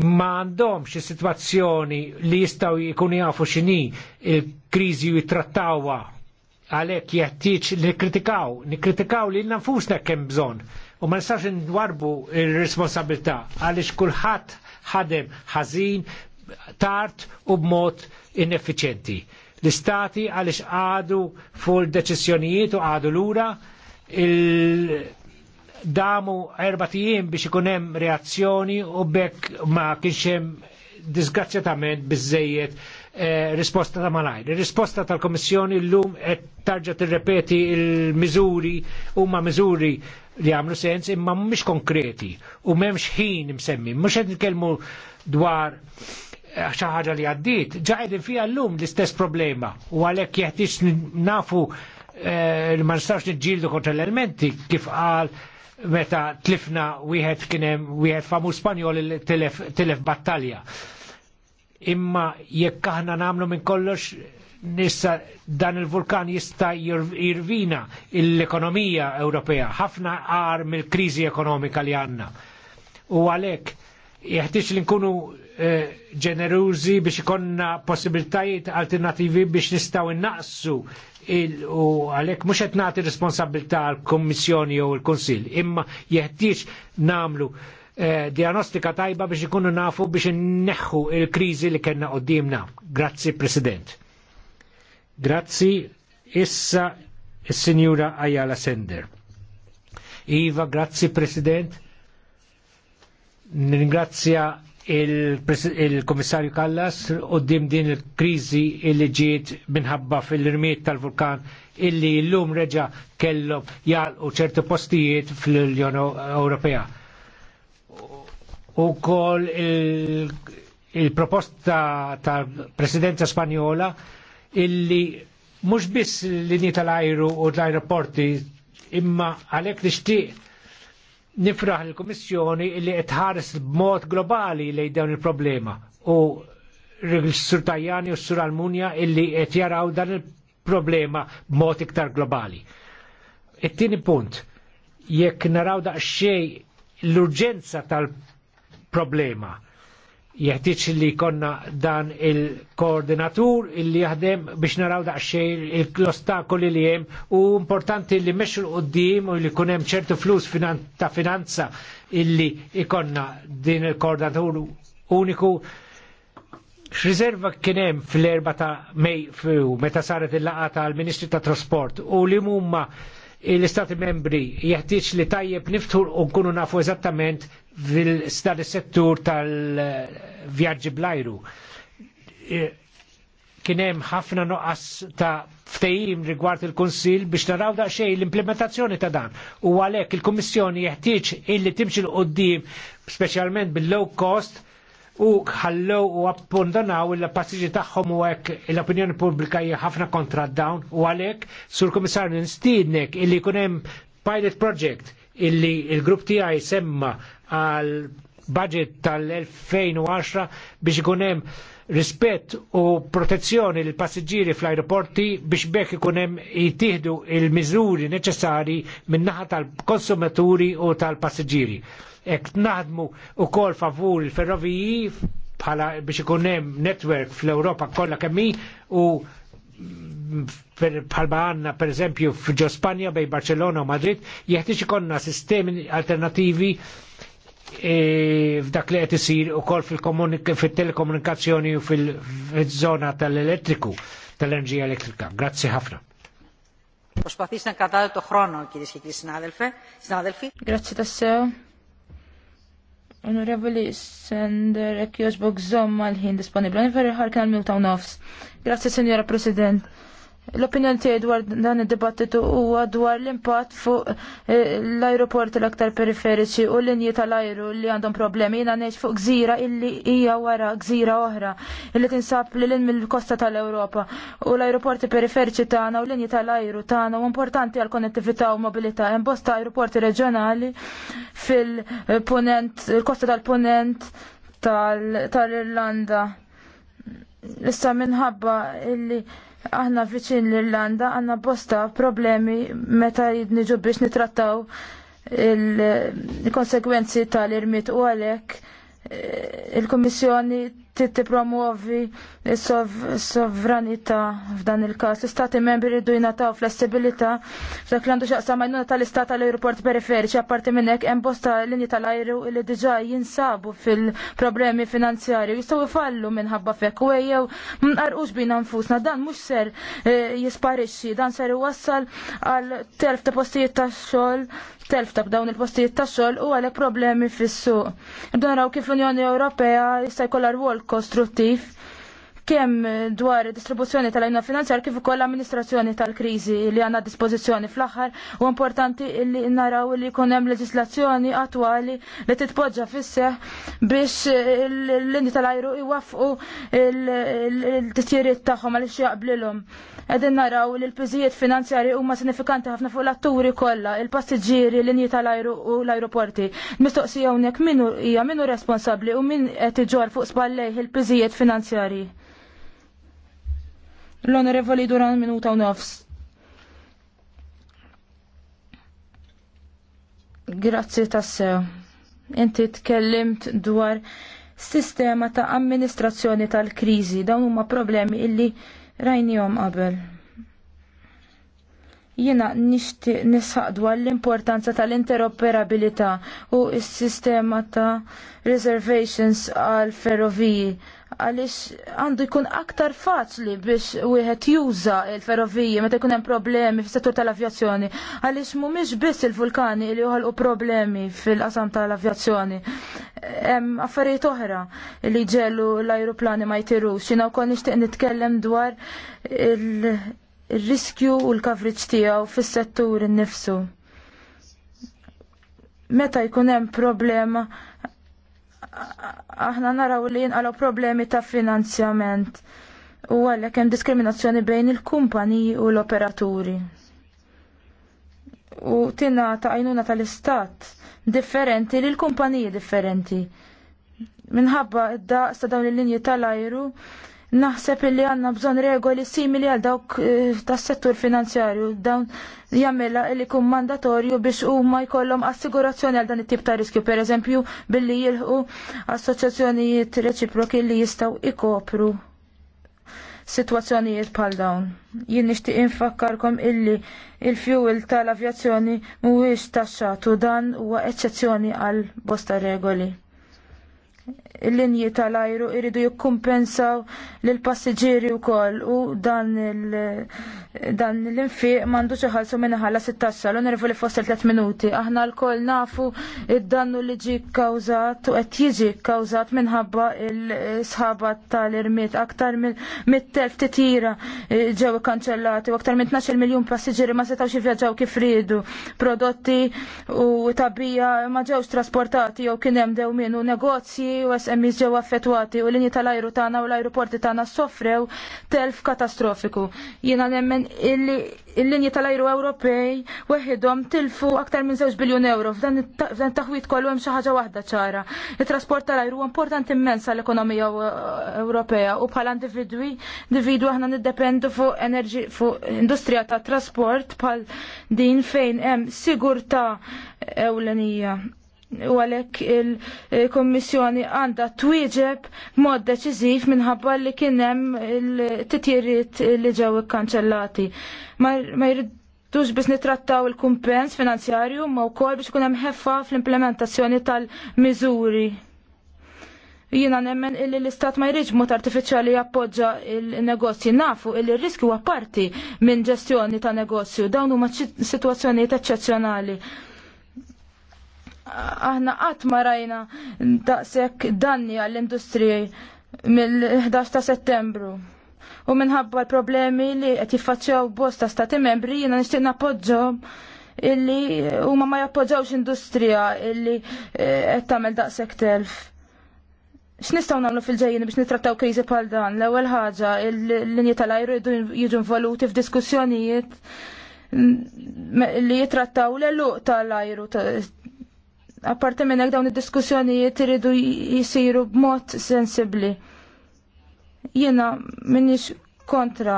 ma għandhomx situazzjoni li jistaw jkunu jafu xini il-krizi u jittrattawa għalek jattiċ li kritikaw, nikkritikaw kritikaw li nafusna kem bżon u ma nistax ndwarbu il-responsabilta għalix kullħat ħadem ħażin tard u b'mod ineffiċenti. L-istati għalix għadu fuq deċizjonijiet u għadu l-ura il damu erba' tiem biex ikun hemm reazzjoni u bekk ma kienx hemm disgrazzjatament bizzejiet eh, risposta ta' malajr. Ir-risposta tal-Kommissjoni llum qed tarġa' tirrepeti l-miżuri huma miżuri li għamlu sens imma mhumiex konkreti u m'hemmx ħin msemmi. Mhux qed nitkellmu dwar eh, xi ħaġa li għaddiet, fija fiha llum l-istess problema u għalhekk jħetix nafu eh, ma nistax niġġieldu kontra l-elementi kif għal meta tlifna wieħed kien hemm wieħed famu Spanjol li tilef, tilef battalja. Imma jekk aħna nagħmlu minn kollox nissa dan il-vulkan jista jirvina l-ekonomija Ewropea ħafna għar mill-kriżi ekonomika li għandna. U għalhekk jeħtieġ li nkunu Eh, ġenerużi biex ikonna possibiltajiet alternativi biex nistaw innaqsu u għalek mux qed nagħti responsabilità għal kommissjoni jew il konsil imma jeħtieġ namlu eh, diagnostika tajba biex ikunu nafu biex neħħu il-kriżi li kellna qoddimna. Grazzi President. Grazzi issa il sinjura Ajala Sender. Iva, grazzi President. Ningrazzja il-Komissarju Kallas Kallas dim din il-krizi illi ġiet minħabba fil rmiet tal-vulkan illi l-lum reġa kellhom u ċerti postijiet fl-Unjoni Ewropea. U kol il-proposta il proposta tal presidenza Spanjola illi mhux biss l-linji tal-ajru u tal-aeroporti imma għalhekk nixtieq nifraħ l-Komissjoni li tħares b'mod globali lejn dawn il-problema u s-Sur Tajani u s-Sur Almunja illi qed jaraw dan il-problema b'mod iktar globali. It-tieni punt, jekk naraw daqsxejn l-urġenza tal-problema jeħtieġ li konna dan il-koordinatur illi jaħdem biex naraw daqsxejn l-ostakoli li hemm u importanti li mexxu l-qoddim u li jkun hemm ċertu flus finan ta' finanza illi ikonna din il-koordinatur uniku. X'riserva kien hemm fl-erba ta' Mej meta saret il-laqata tal ministri ta' Trasport u li huma l-Istati membri jeħtieġ li tajjeb niftħu u nkunu nafu eżattament fil-star settur tal-vjaġġi blajru. E, kien hemm ħafna noqqas ta' ftehim rigward il konsil biex naraw daqsxejn l-implementazzjoni ta' dan. U għalhekk il-Kummissjoni jeħtieġ illi timxi l qoddim speċjalment bil-low cost u ħallew u appondonaw il-passiġi tagħhom u hekk l-opinjoni pubblika hija ħafna kontra dawn u għalhekk sur komissarju Stidnek, illi jkun hemm pilot project illi il-grupp tiegħi semma għal budget tal-2010 biex ikun hemm rispett u protezzjoni l passiġġieri fl-aeroporti biex bekk ikun hemm jitieħdu il-miżuri neċessari min-naħa tal-konsumaturi u tal-passiġġieri. Ek naħdmu wkoll favur il-ferroviji bħala biex ikun hemm netwerk fl-Ewropa kollha kemm u bħalba għanna per eżempju f'Ġospanja bej Barcellona u Madrid jeħtieġ ikollna sistemi alternattivi E f'dak li qed isir ukoll fil-telekomunikazzjoni u fil-żona tal-elettriku tal-enerġija elettrika. Grazzi ħafna. Προσπαθήστε να κατάλληλο το χρόνο, κυρίε και κύριοι συνάδελφοι. Grazie tassew. Onorevoli Sender, ek joġbog zomma l-ħin disponibli. Għani verri ħarkan għal-mil ta' nofs. Grazie, Senjora President. L-opinjoni tiegħi dwar dan id-dibattitu huwa dwar l-impatt fuq eh, l-ajruporti l-aktar periferiċi u l-linji tal-ajru li għandhom problemi. Jiena ngħid fuq gżira illi hija wara gżira oħra illi tinsab li lin mill-kosta tal-Ewropa. U l-ajruporti periferiċi tagħna u l-linji tal-ajru tagħna u importanti għal konnettività u mobilità. Hemm bosta ajruporti reġjonali fil-punent, il-kosta tal-punent tal-Irlanda. Issa minħabba illi Aħna viċin l-Irlanda għanna bosta problemi meta jidniġu biex nitrattaw il-konsekwenzi tal-irmit u għalek eh, il-Komissjoni tipromuovi sovranità f'dan il-każ. L-istati membri rridu jingħataw flessibilità f'dak l-għandu xaqsa majnuna tal-istat tal-aeroport periferiċi apparti minn hekk hemm bosta linji tal-ajru li diġà jinsabu fil-problemi finanzjarji jistgħu jfallu minħabba fek u ejjew nqarqux bina nfusna dan mhux ser eh, jisparixxi dan ser iwassal għal telf ta' postijiet tax-xogħol telf ta' bdawn il-postijiet tax-xogħol u għalek problemi fis-suq. Dan naraw kif l-Unjoni Ewropea jista' jkollha rwol kostruttiv kemm dwar distribuzzjoni tal-għajna finanzjar kif ukoll l-amministrazzjoni tal-kriżi li għandna dispożizzjoni fl-aħħar u importanti li naraw li jkun hemm leġislazzjoni attwali li titpoġġa fis biex l-lini tal-ajru iwafqu l-titjiriet tagħhom għaliex jaqblilhom. Qegħdin naraw li l-piżijiet finanzjarji huma sinifikanti ħafna fuq l-atturi kollha, il-passiġġieri, l linji tal-ajru u l-ajruporti. Mistoqsija hawnhekk min hija minu responsabbli u min qed iġol fuq spallejh il-piżijiet finanzjarji. L-onorevoli Duran minuta u nofs. Grazzi tassew. Inti tkellimt dwar sistema ta' amministrazzjoni tal-krizi. Dawn huma problemi illi rajnihom qabel. Jiena nixtieq nisħaq dwar l-importanza tal-interoperabilità u s-sistema ta' reservations għal ferroviji għaliex għandu jkun aktar faċli biex wieħed juża l-ferroviji meta jkun hemm problemi fis-settur tal-avjazzjoni għaliex mhumiex biss il-vulkani li joħolqu problemi fil-qasam tal-avjazzjoni. Hemm affarijiet oħra li ġellu l ajruplani ma jtirux. Jiena wkoll nixtieq nitkellem dwar il- il-riskju u l-coverage tiegħu fis-settur nnifsu. Meta jkun hemm problema aħna naraw li jinqalgħu problemi ta' finanzjament u għalhekk hemm diskriminazzjoni bejn il-kumpaniji u l-operaturi. U tinna ta' għajnuna tal-istat differenti li l-kumpaniji differenti. Minħabba id-daqs ta' dawn il-linji tal-ajru Naħseb li għanna bżon regoli simili għal dawk eh, tas settur finanzjarju dawn jammela li kum mandatorju biex u ma jkollhom assigurazzjoni għal dan it-tip ta' riskju, per eżempju billi jilħu assoċjazzjonijiet reċiproki li jistaw ikopru situazzjonijiet bħal dawn. Jien nixtieq infakkarkom illi il-fuel tal-avjazzjoni mhuwiex taxxatu dan huwa eċċezzjoni għal bosta regoli il-linji tal-ajru iridu jikkumpensaw lil passiġġieri wkoll u dan l-infiq m'għandux iħallsu minn ħalla sittaxxa l nervu li fost 3 minuti. Aħna lkoll nafu id-dannu li ġi kkawżat u qed jiġi kkawżat minħabba l sħabat tal-irmiet aktar minn 100,000 titira eh, ġew ikkanċellati u aktar minn 12 miljun passiġġieri ma setgħux jivvjaġġaw kif ridu. Prodotti u tabija ma ġewx trasportati jew kien hemm dewmien negozji u SMEs ġew affettwati u linji tal-ajru tagħna u l-ajruporti tagħna soffrew telf katastrofiku. Jiena nemmen il-linji tal-ajru Ewropej weħidhom tilfu aktar minn 2 biljun euro f'dan it-taħwit kollu hemm xi ħaġa waħda ċara. Il-trasport tal-ajru huwa importanti immens għall-ekonomija Ewropea u bħala individwi individwi aħna niddependu fuq enerġi fuq industrija tat trasport bħal din fejn hemm sigurtà ewlenija u għalhekk il-Kommissjoni għandha twieġeb mod deċiżiv minħabba li kien hemm il-titjiriet li ġew ikkanċellati. Ma jridux biex nitrattaw il-kumpens finanzjarju ma wkoll biex ikun hemm ħeffa fl-implementazzjoni tal-miżuri. Jiena nemmen illi l-istat ma jridx mod artifiċjali jappoġġa il-negozji nafu illi r-riskju huwa parti minn ġestjoni ta' negozju dawn huma sitwazzjonijiet eċċezzjonali aħna qatt ma rajna daqshekk danni għall-industriji mill-11 ta' Settembru. U minħabba l-problemi li qed jiffaċċjaw bosta stati membri jiena nixtieq nappoġġhom illi huma ma jappoġġawx industrija illi eh, qed tagħmel daqshekk telf. X'nistgħu nagħmlu fil-ġejjin biex nittrattaw kriżi bħal dan? L-ewwel ħaġa l-linji tal-ajru jiġu involuti f'diskussjonijiet mm, li jitrattaw l-eluq tal-ajru Apparti minn hekk dawn id-diskussjonijiet iridu jisiru b'mod sensibbli. Jiena minnix kontra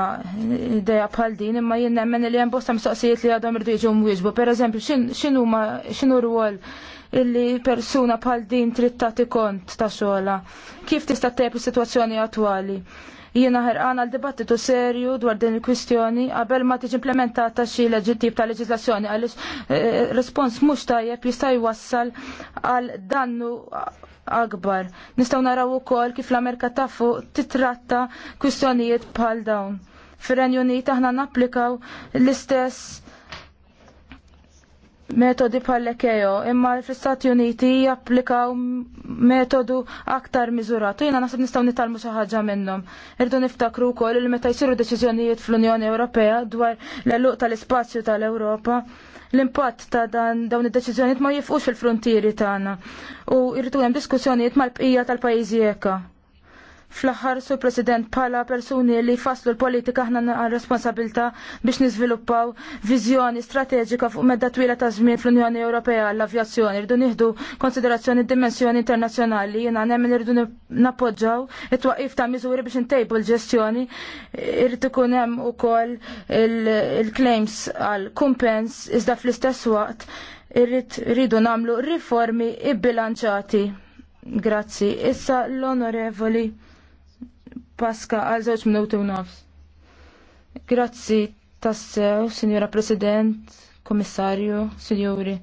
ideja bħal din, imma jien nemmen li hemm bosta mistoqsijiet li għadhom irdu jiġu eżempju, Pereżempju, ma, x'inhu rwol illi persuna bħal din trid tagħti kont ta' xola? Kif tista' tejb is-sitwazzjoni attwali? Jiena ħerqan għal dibattitu serju dwar din il-kwistjoni qabel ma tiġi implementata xi tip ta' leġislazzjoni għaliex eh, eh, respons mhux tajjeb jista' jwassal għal dannu akbar. Nistgħu naraw ukoll kif l-Amerika ta' fuq titratta kwistjonijiet bħal dawn. Fir-Renju Unit aħna napplikaw l-istess metodi pal-lekejo, imma l stati Uniti japplikaw metodu aktar miżurat. Jina nasib nistaw nitalmu xaħġa minnom. Irdu niftakru kol li meta jisiru deċiżjonijiet fl-Unjoni Ewropea dwar l-eluq tal-ispazju tal-Ewropa, l-impatt ta' dan dawn id-deċiżjonijiet ma jifqux fil-frontieri tagħna. U irridu hemm diskussjonijiet mal-bqija tal-pajjiżi eka fl-aħħar sur President pala persuni li faslu l-politika ħna responsabilta biex niżviluppaw viżjoni strateġika fuq medda twila ta' żmien fl-Unjoni Ewropea l-avjazzjoni. rridu nieħdu konsiderazzjoni d-dimensjoni internazzjonali jiena nemmen irridu nappoġġaw it-twaqif ta' miżuri biex intejbu l-ġestjoni. Irrid ikun hemm ukoll il-claims għal kumpens iżda fl-istess waqt irrid rridu nagħmlu riformi ibbilanċati. Grazzi. Issa l-onorevoli Paska għal żewġ minuti u nofs. Grazzi tassew, Sinjora President, Komissarju, Sinjuri.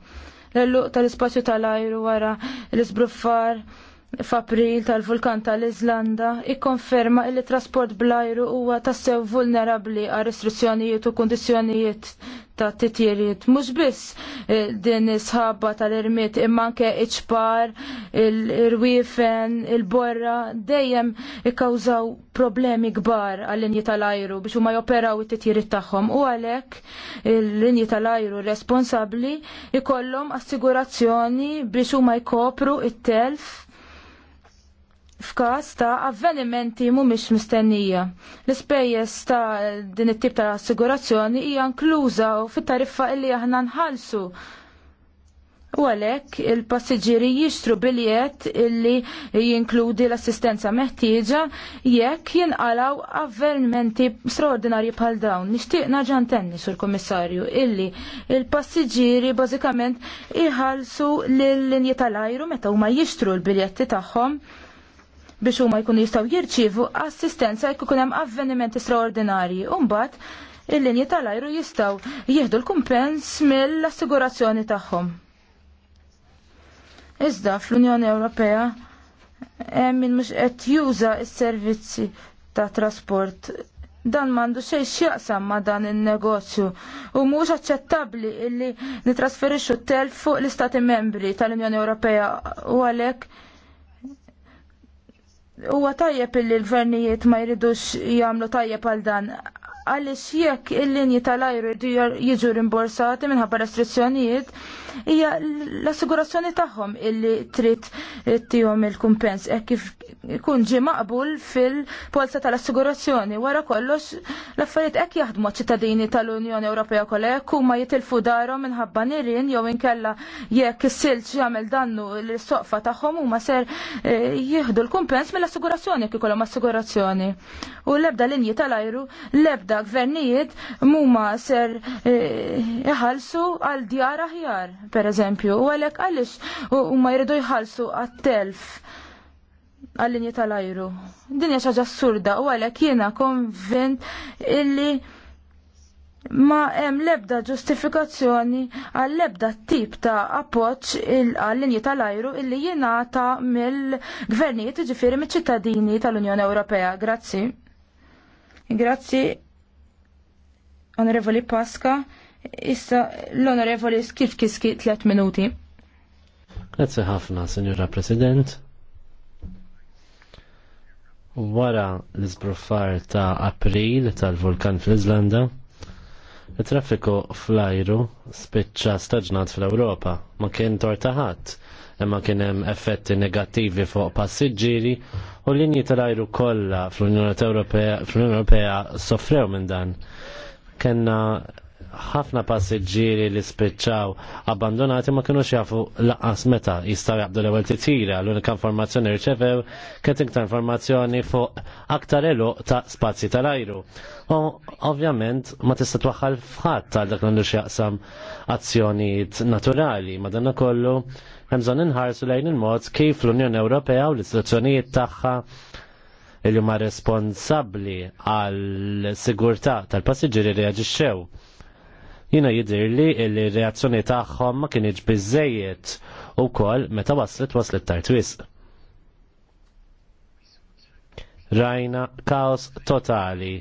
L-luq tal-ispazju tal-ajru wara l-isbruffar f'April tal-vulkan tal-Iżlanda ikkonferma li trasport bl-ajru huwa tassew vulnerabbli għal restrizzjonijiet u kundizzjonijiet ta' titjiriet. Mhux biss eh, din is-sħabba tal-irmiet imma anke iċpar, il-rwiefen, il-borra dejjem ikkawżaw problemi kbar għall-linji tal-ajru biex huma joperaw it-titjiriet tagħhom u għalhekk il-linji tal-ajru responsabbli ikollhom assigurazzjoni biex huma jkopru it-telf f'każ ta' avvenimenti mhumiex mistennija. L-ispejjeż ta' din it-tip ta' assigurazzjoni hija inkluża u fit-tariffa illi aħna nħallsu. U għalhekk il-passiġġieri jixtru biljett illi jinkludi l-assistenza meħtieġa jekk jinqalaw avvenimenti straordinarji bħal dawn. Nixtieq naġa' ntenni sur Kummissarju illi il-passiġġieri bażikament iħallsu lill linji tal-ajru meta huma jixtru l-biljetti tagħhom biex huma jkunu jistgħu jirċievu assistenza jekk ikun hemm avvenimenti straordinarji. U mbagħad il-linji tal-ajru jistgħu jieħdu l-kumpens mill-assigurazzjoni tagħhom. Iżda fl-Unjoni Ewropea hemm min mhux qed juża s-servizzi ta' trasport dan mandu xej xjaqsam ma dan il-negozju u mhux aċċettabbli illi nitrasferixxu telf fuq l-Istati membri tal-Unjoni Ewropea u għalhekk huwa tajjeb illi l-gvernijiet ma jridux jagħmlu tajjeb għal dan. Għaliex jekk il-linji tal-ajru jiġu rimborsati minħabba restrizzjonijiet, hija l-assigurazzjoni tagħhom illi trid tihom il-kumpens hekk kif ikun ġie maqbul fil-polza tal-assigurazzjoni. Wara kollox l-affarijiet hekk jaħdmu ċittadini tal-Unjoni Ewropea kollha jekk huma jitilfu darhom minħabba nirien jew inkella jekk is-silġ jagħmel dannu l-soqfa tagħhom huma ser eh, jieħdu l-kumpens mill-assigurazzjoni jekk ikollhom assigurazzjoni. U l-ebda linji tal-ajru, l-ebda gvernijiet muma ser eh, iħallsu għal djar aħjar per eżempju, u għalek għalix u ma jridu jħalsu għat-telf għall-linji tal-ajru. Dinja xaġa assurda u għalek jiena konvent illi ma hemm lebda ġustifikazzjoni għall ebda tip ta' appoġġ għall-linji tal-ajru illi jingħata mill-gvernijiet ġifiri mill-ċittadini tal-Unjoni Ewropea. Grazzi. Grazzi. Onorevoli Pasqua. Issa l-onorevoli skif kiski 3 minuti. Grazie ħafna, Signora President. Wara l-izbruffar ta' april tal-vulkan fl-Izlanda, il-traffiku fl-ajru spiċċa staġnat fl-Ewropa. Ma kien tortaħat, imma kien hemm effetti negattivi fuq passiġġieri u linji tal-ajru kollha fl-Unjoni Ewropea soffrew minn dan. Kenna ħafna passiġġieri li spiċċaw abbandonati ma kienux jafu laqas meta jistaw jaqdu l-ewwel titjira l-unika informazzjoni rċevew kien iktar informazzjoni fuq aktar eluq ta' spazji tal-ajru. U ovvjament ma tista' twaħħal fħadd għal dak għandux jaqsam azzjonijiet naturali, madanna kollu hemm bżonn inħarsu lejn il-mod kif l-Unjoni Ewropea u l-istituzzjonijiet tagħha il huma responsabbli għal sigurtà tal-passiġġieri reaġixxew. Jina jidir li il-reazzjoni tagħhom ma kienieġ u ukoll meta waslet waslet tartwis. Rajna kaos totali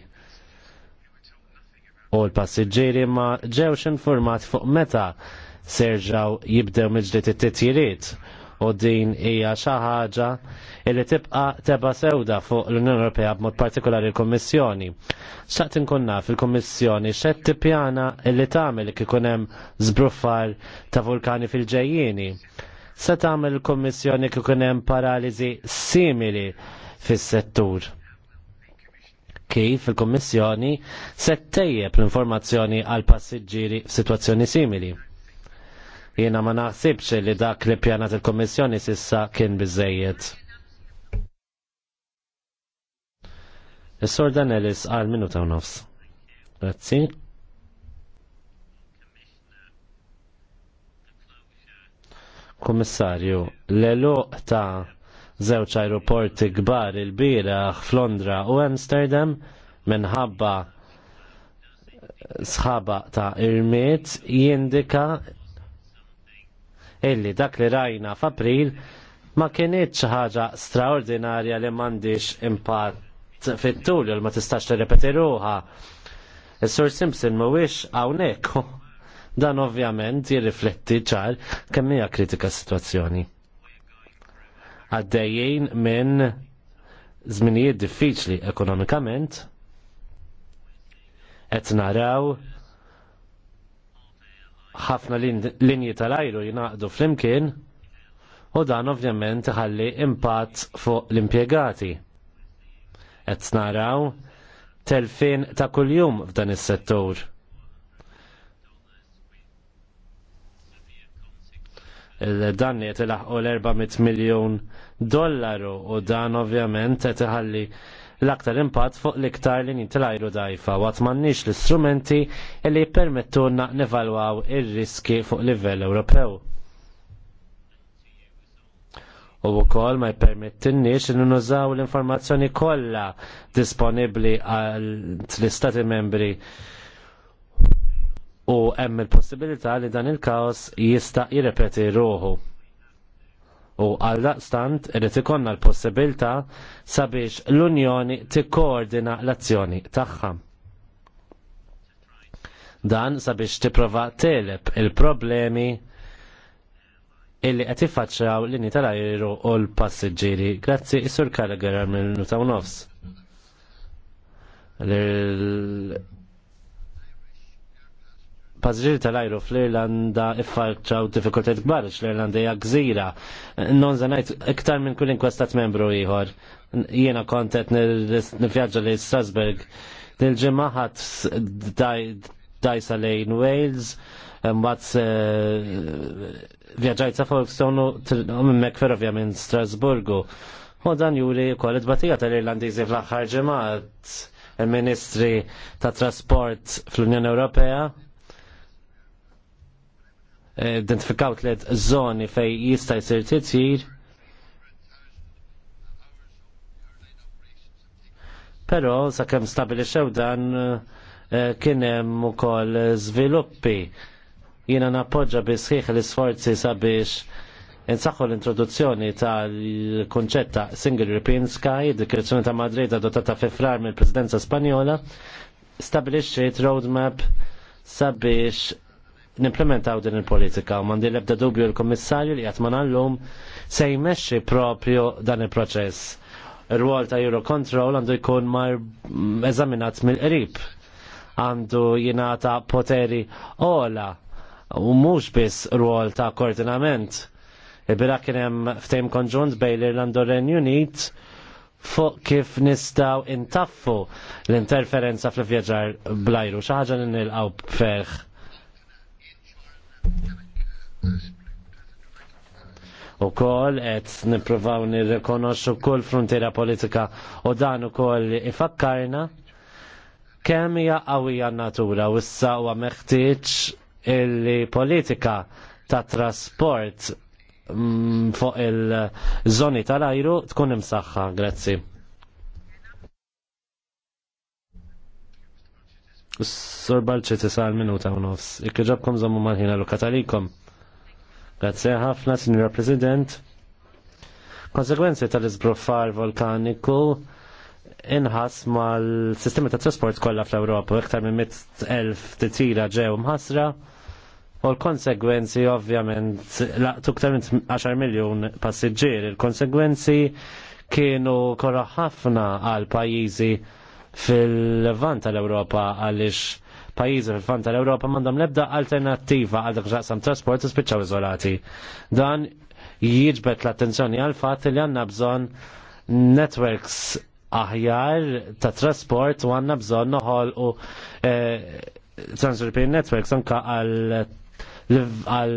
u l-passiġġieri ma ġewx informat fuq meta serġaw jibdew mill it-titjiriet u din hija xi ħaġa li tibqa teba sewda fuq l-Unjoni Ewropea b'mod partikolari l-Kummissjoni. Xaqt inkun naf il-Kummissjoni xed tippjana li tagħmel li kien hemm żbruffar ta' vulkani fil-ġejjieni. Se tagħmel il-Kummissjoni kif kien hemm paraliżi simili fis-settur kif il kummissjoni se tejjeb l-informazzjoni għal passiġġieri f'sitwazzjoni simili. Jiena ma naħsibx li dak li pjanat il-Kommissjoni sissa kien biżejjed. Is-Sor Danelis għal minuta u nofs. Grazzi. Kommissarju, l-eluq ta' żewġ aeroporti kbar il-biraħ f'Londra u Amsterdam minħabba sħaba ta' irmiet jindika illi dak li rajna f'April ma kienieċ ħaġa straordinarja li m'għandix impatt fit-tul ma tistax tirrepeti ruha. Is-Sur Simpson mhuwiex hawnhekk. [laughs] Dan ovvjament jirrifletti ċar kemm hija kritika s-sitwazzjoni. Għaddejjin minn żminijiet diffiċli ekonomikament, qed naraw ħafna linji tal-ajru jinaqdu flimkien u dan ovvjament ħalli impatt fuq l-impjegati. Qed naraw telfin ta' kuljum f'dan is-settur. il-danni qed ilaħqu l-400 miljun dollaru u dan ovvjament qed iħalli l-aktar impatt fuq l-iktar li nintilajru dajfa u għatmannix l-istrumenti li permettuna nevalwaw ir-riski fuq livell Ewropew. U wkoll ma jpermettinniex li nużaw l-informazzjoni kollha disponibbli għall l-istati membri u hemm il-possibilità li dan il-kaos jista' jirrepeti ruħu U għal-daqstant irrid ikonna l-possibilità sabiex l-Unjoni tikkoordina l-azzjoni tagħha. Dan sabiex tipprova teleb il-problemi illi qed iffaċċjaw l-inni tal-ajru u l-passiġġieri. Grazzi Sur Gallagher minn nuta nofs. Pażġir tal-ajru fl-Irlanda iffarċaw diffikultajt gbar l-Irlanda hija gżira. Non zanajt iktar minn kull inkwestat membru ieħor. Jiena kontet nivvjaġġa li Strasburg. Dil-ġimgħa ħadd dajsa lejn Wales, mbagħad eh, vjaġġajt sa Folkestone u hemmhekk ferrovja minn Strasburgu. U dan juri wkoll it-batija tal-Irlandiżi fl-aħħar ġimgħat il-Ministri ta' Trasport fl-Unjoni Ewropea identifikaw tliet żoni fej jista' jsir titjir. Però sakemm stabilixew dan eh, kien hemm ukoll żviluppi. Jiena nappoġġa bi sħiħ l-isforzi sabiex Insaħħu l-introduzzjoni tal-konċett ta' Single European Sky, dikrazzjoni ta' Madrid adottata fi frar mill-Presidenza Spanjola, stabilixxiet roadmap sabiex nimplementaw din il-politika u mandi lebda dubju l-Komissarju li għatman għallum se jmexxi propju dan il-proċess. Ir-rwol ta' Eurocontrol għandu jkun mar mm, eżaminat mill-qrib għandu jinata poteri ola u mhux biss rwol ta' koordinament. Ibira kienem kien hemm konġunt bej l-Irlanda Renju Unit fuq kif nistaw intaffu l-interferenza fl-vjaġġar blajru, xaħġa n-nilqaw ferħ. u kol et niprofaw nirrekonoxu kull frontiera politika u dan u kol ifakkarna kemm hija qawwija natura u issa huwa meħtieġ illi politika ta' trasport mm, fuq il-żoni tal-ajru tkun imsaħħa, grazzi. Sur balċi tisal minuta u nofs. Ikkeġabkom zommu malħina l-katalikom. Grazie ħafna, Signora President. Konsekwenzi tal-izbruffar vulkaniku inħas mal sistema ta' trasport kollha fl-Ewropa, iktar minn 100,000 titira ġew mħasra, u l-konsegwenzi ovvjament laqtu iktar minn 10 miljun passiġġieri, il-konsegwenzi kienu korra ħafna għal pajjiżi fil-levant tal-Ewropa għaliex pajiz fil-fan tal-Europa mandam lebda alternativa għal dak xaqsam trasport spiċċaw izolati. Dan jiġbet l-attenzjoni għal fatt li għanna bżon networks aħjar ta' trasport u għanna bżon noħol u e, Trans-European Networks anka għal għal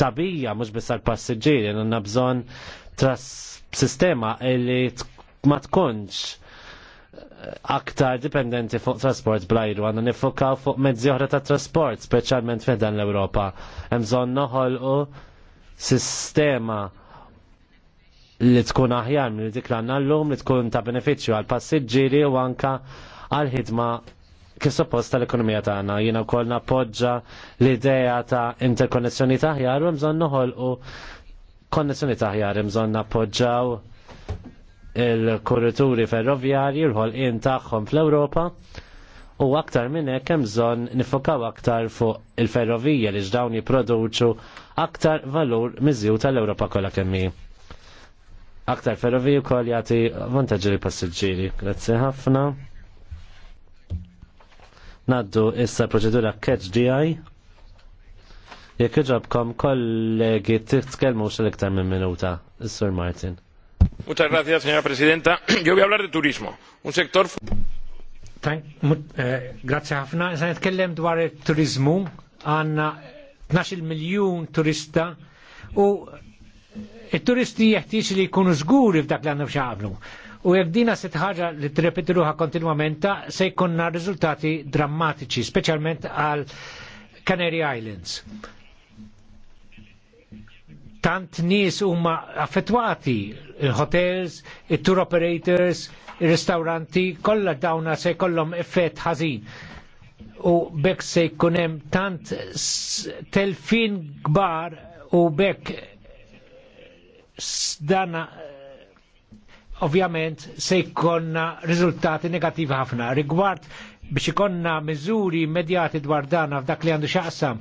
tabija mux biss għal passiġġieri għanna bżon tras sistema li ma tkunx aktar dipendenti fuq trasport blajru għanna nifukaw fuq mezzi oħra ta' trasport, speċjalment fedan l-Europa. Mżon noħolqu sistema li tkun aħjar minn dik l-għanna l-lum li tkun ta' beneficju għal passiġġieri u anka għal ħidma kif suppost tal-ekonomija tagħna. Jiena wkoll nappoġġa l-idea ta' interkonnessjoni ta' aħjar u mżon noħolqu konnessjoni ta' aħjar, mżon nappoġġaw il-korrituri ferroviarji l-ħolqien tagħhom fl-Ewropa u aktar minn hekk hemm bżonn nifokaw aktar fuq il-ferrovija li x'dawn jipproduċu aktar valur miżju tal-Ewropa kollha kemm hi. Aktar ferrovija wkoll jagħti vantaġġi li passiġġieri. Grazzi ħafna. Naddu issa proċedura catch DI jekk iġobkom kollegi titkellmu x'l-iktar minn minuta, is-Sur Martin. Muchas gracias, señora presidenta. [clears throat] Yo voy a hablar de turismo, un sector. Eh, grazie ħafna. Se nitkellem dwar turizmu għandna 12 miljun turista u it-turisti jeħtieġ li jkunu żguri f'dak li għandhom xaqblu. U jekk dina se ħaġa li tirrepetiruha kontinwament se jkunna riżultati drammatiċi, speċjalment għal Canary Islands tant nies huma affettwati, il-hotels, il-tour operators, il-restauranti, kollha dawna se jkollhom effett ħażin. U bekk se jkun hemm tant telfin kbar u bekk dana ovvjament se jkollna riżultati negattivi ħafna. Rigward biex ikonna miżuri immedjati dwar dana f'dak li għandu xaqsam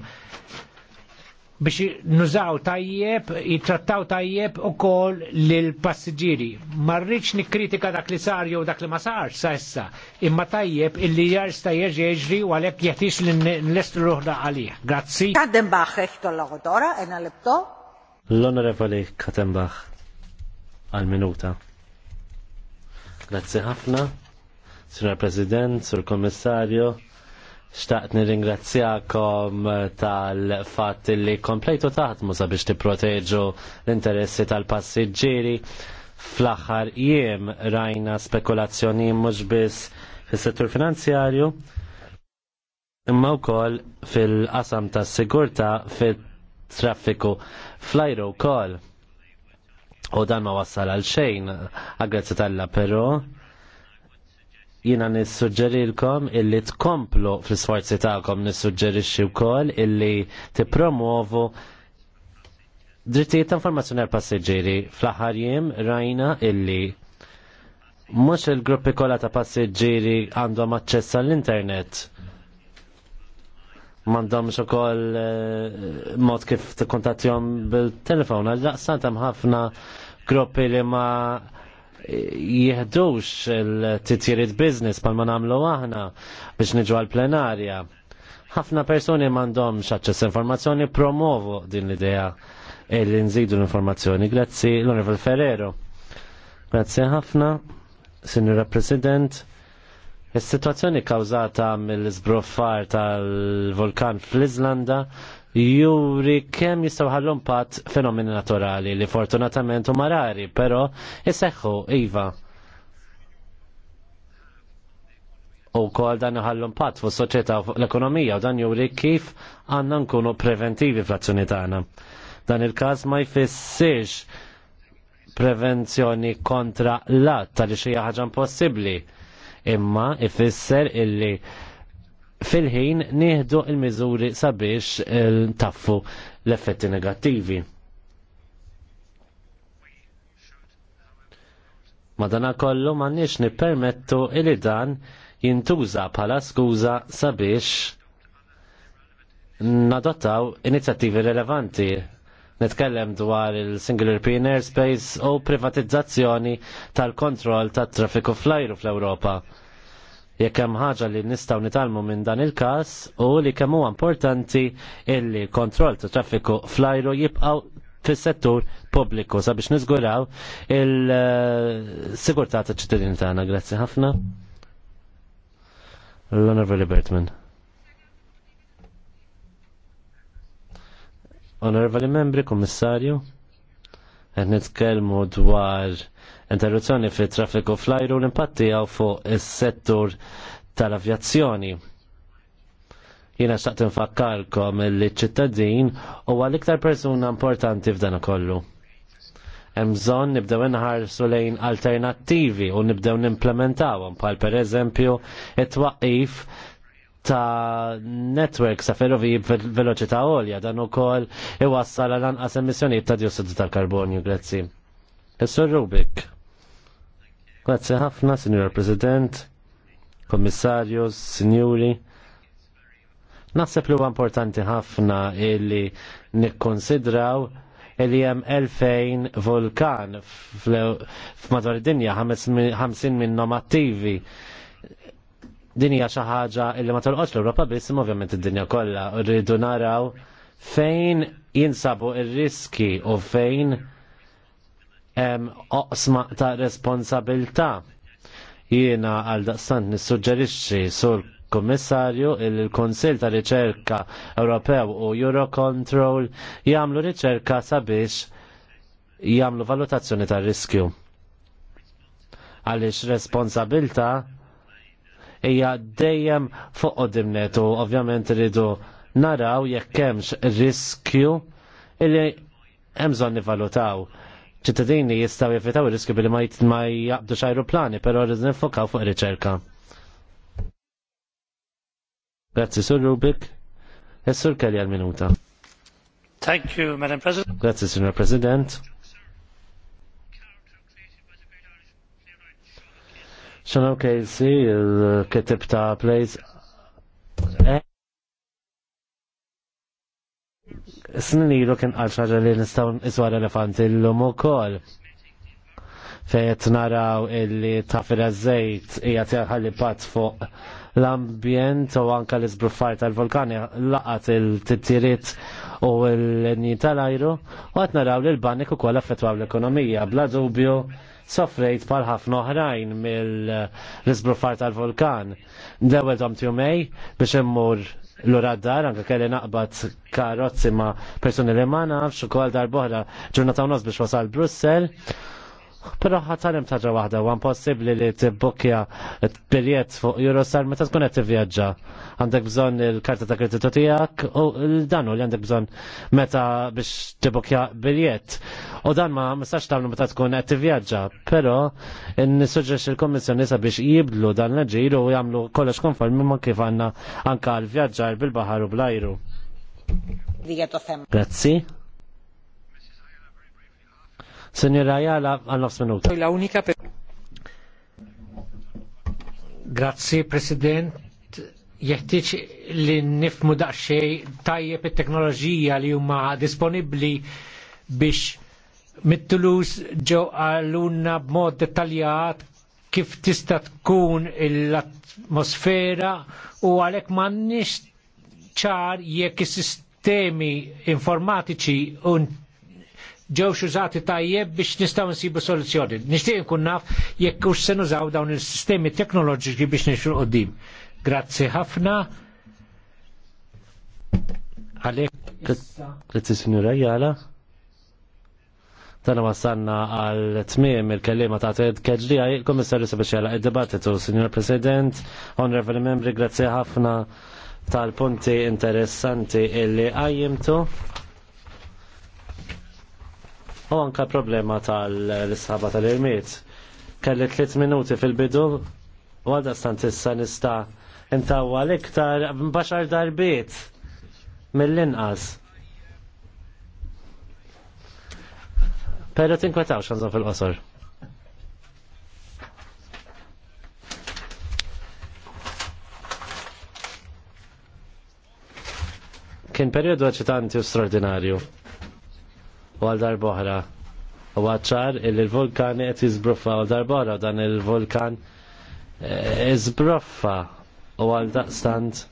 biex nużaw tajjeb, jitrattaw tajjeb u kol l-passiġiri. Marriċ nikkritika dak li sar jew dak li ma sar sa issa, imma tajjeb illi jar sta jieġri u għalek jatix l-nestru ruħda għalih. Grazzi. Kadenbach, eħtu l-għodora, ena lebto. L-onorevoli Kadenbach, għal-minuta. Grazzi ħafna, Sr. President, Sur Kommissarju, Xtaqt nirringrazzjakom eh, tal-fatt li komplejtu taħdmu sabiex tipproteġu l-interessi tal-passiġġieri. Fl-aħħar jiem rajna spekulazzjoni mhux biss fis-settur finanzjarju, imma wkoll fil-qasam tas-sigurtà fit-traffiku fl-ajru wkoll. U dan ma wassal għal xejn, għagrazzi tal-la però jina nissuġġerilkom illi tkomplu fl-sforzi tagħkom nissuġġerixxi wkoll illi tippromuovu drittijiet ta' informazzjoni għal passiġġieri. Fl-aħħar jiem rajna illi mhux il-gruppi kollha ta' passiġġieri għandhom aċċess għall-internet m'għandhomx ukoll eh, mod kif tikkuntattjhom bil-telefon għal daqsan hemm ħafna gruppi li ma' jihdux il-titjiriet biznis pal ma namlu aħna biex niġu għal-plenarja. ħafna personi mandom xaċċess informazzjoni promovu din l-idea li nżidu l-informazzjoni. Grazzi l onorevol Ferrero. Grazzi ħafna, Signora President. Is-sitwazzjoni kawżata mill-sbruffar tal-vulkan fl-Iżlanda juri kemm jistgħu ħallhom pat fenomeni naturali li fortunatament huma rari, però iseħħu iva. U kol dan ħallhom pat fuq soċjetà u l-ekonomija u dan juri kif għandna nkunu preventivi fl-azzjoni tagħna. Dan il-każ ma jfissirx prevenzjoni kontra l-att tal-xi ħaġa impossibbli imma ifisser illi fil-ħin nieħdu il-miżuri sabiex eh, taffu l-effetti negattivi. Madana kollu ma nix nipermettu il dan jintuża bħala skuża sabiex nadottaw inizjattivi rilevanti. Netkellem dwar il-Single European Airspace u privatizzazzjoni tal-kontroll tat traffiku fl-ajru fl-Europa. fl ajru fl ewropa jekk hemm ħaġa li nistgħu nitalmu minn dan il-każ u li kemm huwa importanti illi kontroll ta' traffiku fl-ajru jibqgħu fis-settur pubbliku sabiex niżguraw il-sigurtà taċ ċittadini tagħna. Grazzi ħafna. l honorable Bertman. Onorevoli membri, kummissarju, għed nitkellmu dwar interruzzjoni fit traffiku flajru l-impatti għaw fuq is-settur tal-avjazzjoni. Jiena xtaqt infakkarkom li ċittadin u għal-iktar persuna importanti f'dan kollu. Hemm bżonn nibdew inħarsu lejn alternattivi u nibdew nimplementawhom bħal pereżempju it twaqif ta' network sa' ferroviji veloċita għolja dan ukoll iwassal għal anqas emissjonijiet ta' diossidu tal-karbonju, grazzi. Is-Sur Rubik. Grazzi ħafna, Signor President, Kommissarju, Sinjuri. Naħseb li huwa importanti ħafna illi nikkonsidraw li jem 2000 vulkan f'madwar id-dinja, 50 minnhom attivi. Din hija xi ħaġa li ma tolqotx l-Ewropa biss, ovvjament id-dinja kollha rridu naraw fejn jinsabu ir-riski u fejn oqsma ta' responsabilta. Jiena għal daqstant nissuġġerixxi sur Kommissarju il-Konsil ta' Riċerka Ewropew u Eurocontrol jagħmlu riċerka sabiex jagħmlu valutazzjoni tar riskju. Għaliex responsabilta hija dejjem fuq dimnet u ovvjament rridu naraw jekk hemmx riskju illi hemm bżonn nivalutaw ċittadini jistaw jeffetaw il-riskju billi ma jaqbdu xajruplani, pero rriżin nifokaw fuq riċerka. Grazie, Sur Rubik. E Sur Kelly għal-minuta. Thank you, Madam President. Grazie, Signor President. Sean Casey, il-ketib ta' Place snin ilu kien għal xaġa li nistgħu iswar elefanti u ukoll. Fejt naraw illi tafira zejt hija tjaħalli pat fuq l-ambjent u anka l-izbruffar tal-vulkani laqat il-tittiriet u l-linji tal-ajru u għat naraw li l-banik u kol affetwaw l-ekonomija bla dubju soffrejt pal ħafna oħrajn mill-izbruffar tal-vulkan. Dewedom tjumej biex immur l-ura dar, anka kelli naqbad karozzi ma personi li ma nafx, u kol dar boħra ġurnata unos biex wasal Brussel. Pero ħatalim taġa wahda, għan possibli li t-bukja t-biljet fuq Eurostar meta tkun qed tivvjaġġa. Għandek bżon il-karta ta' kreditu tijak u l-danu li għandek bżon meta biex t-bukja biljet. U dan ma mistax tagħmlu meta tkun qed tivvjaġġa, però nissuġġerix il-Kommissjoni sabiex jibdlu dan l ġiru u jagħmlu kollox konformi ma kif għandna anke l-vjaġġar bil-baħar u bl-ajru. Grazzi. Senjora Ayala għal-nofs minuta. Grazzi, President jeħtieġ li nifmu daqsxejn tajjeb it-teknoloġija li huma disponibbli biex mit tulus ġew għallunna b'mod dettaljat kif tista' tkun l-atmosfera u għalhekk m'għandniex ċar jekk is-sistemi informatiċi un ġew użati tajjeb biex nistgħu nsibu soluzzjoni. Nixtieq nkun naf jekk hux se nużaw dawn is-sistemi teknoloġiċi biex nixru qudiem. Grazzi ħafna. Grazzi signora, Jala. Tana sanna għal tmiem il-kellima ta' Ted għaj il-Komissarju Speċjala id-Dibattitu, Signor President, Honorable Membri, grazie ħafna tal-punti interessanti illi għajjimtu. U anka problema tal-isħaba tal-irmiet. Kelli tliet minuti fil-bidu, u għadda stant issa nista' intawwa l-iktar baxar darbiet mill-inqas. Pero tinkwetaw xanżon fil-qosor. Kien periodu eċitanti u straordinarju. U għal darboħra. U għadċar il-vulkan għet jizbruffa u darboħra dan il-vulkan jizbruffa eh, u għal daqstant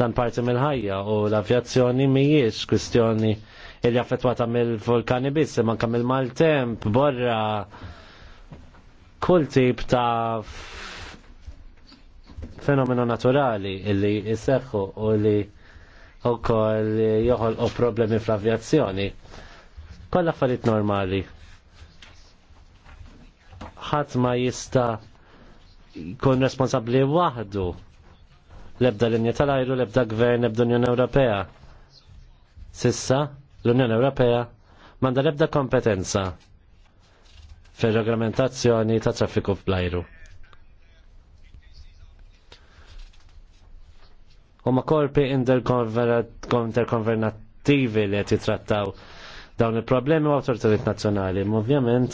dan parti mill-ħajja u l-avjazzjoni mijiex kwistjoni Il jaffettwata mill-vulkani biss, manka mal maltemp borra, kull tip ta' fenomenu naturali illi jisseħħu u li u koll joħol u problemi fl-avjazzjoni. Kolla affarijiet normali. ħadd ma jista' jkun responsabbli lebda l-ebda linja tal-ajru, l-ebda gvern, lebda Unjoni Ewropea. Sissa, L-Unjoni Ewropea manda lebda kompetenza fir reglamentazzjoni ta' traffiku f'blajru. Huma korpi interkonvernativi li qed jitrattaw dawn il-problemi u awtoritajiet nazzjonali. Ovvjament,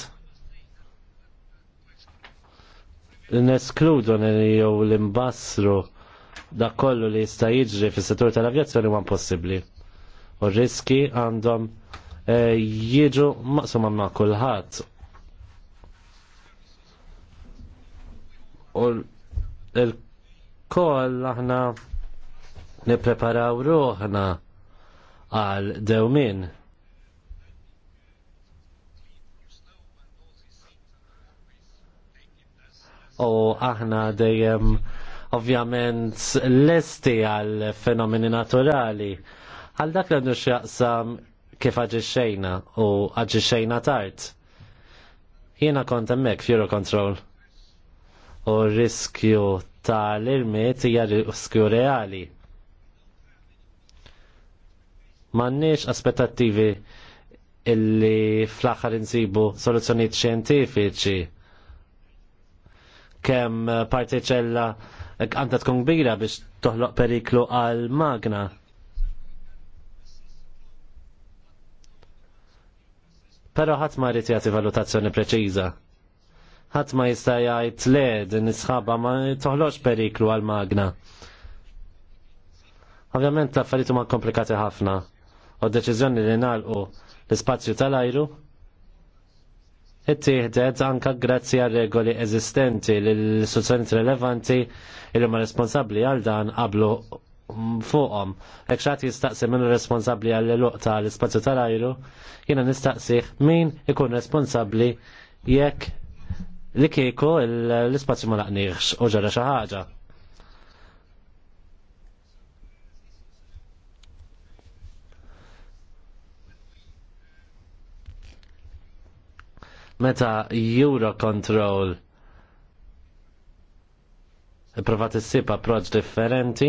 neskludu jew l-imbassru da kollu li jista' jiġri fis-settur tal-avjazzjoni huwa possibli u riski għandhom eh, jiġu maqsuma ma' kulħadd. U l-koll aħna nippreparaw ruħna għal dewmin. U aħna dejjem ovvjament lesti għal fenomeni naturali Għal dak li għandu xjaqsam kif għagġiċċejna u għagġiċċejna tard. Jiena kont hemmhekk f'Euro Control. U riskju tal-irmiet hija riskju reali. M'għandniex aspettattivi illi fl-axar insibu soluzzjonijiet xjentifiċi kemm partiċella għandha tkun kbira biex toħloq periklu għal magna. Pero ħadd ma jrid jagħti valutazzjoni preċiża. Ħadd ma jista' jgħid le din is-sħaba ma toħloġ periklu għal magna. Ovvjament l-affarijiet huma komplikati ħafna u d-deċiżjoni li nagħlqu l-ispazju tal-ajru ittieħdet anka grazzi għal regoli eżistenti li l-istituzzjonijiet rilevanti li huma responsabbli għal dan qablu fuqhom. Hekk xatt jistaqsi minn responsabbli għall luq tal-ispazju tal-ajru, jiena nistaqsi min ikun responsabbli jekk li kieku l-ispazju ma laqniehx u ġara xi ħaġa. Meta Eurocontrol provat issib approċ differenti,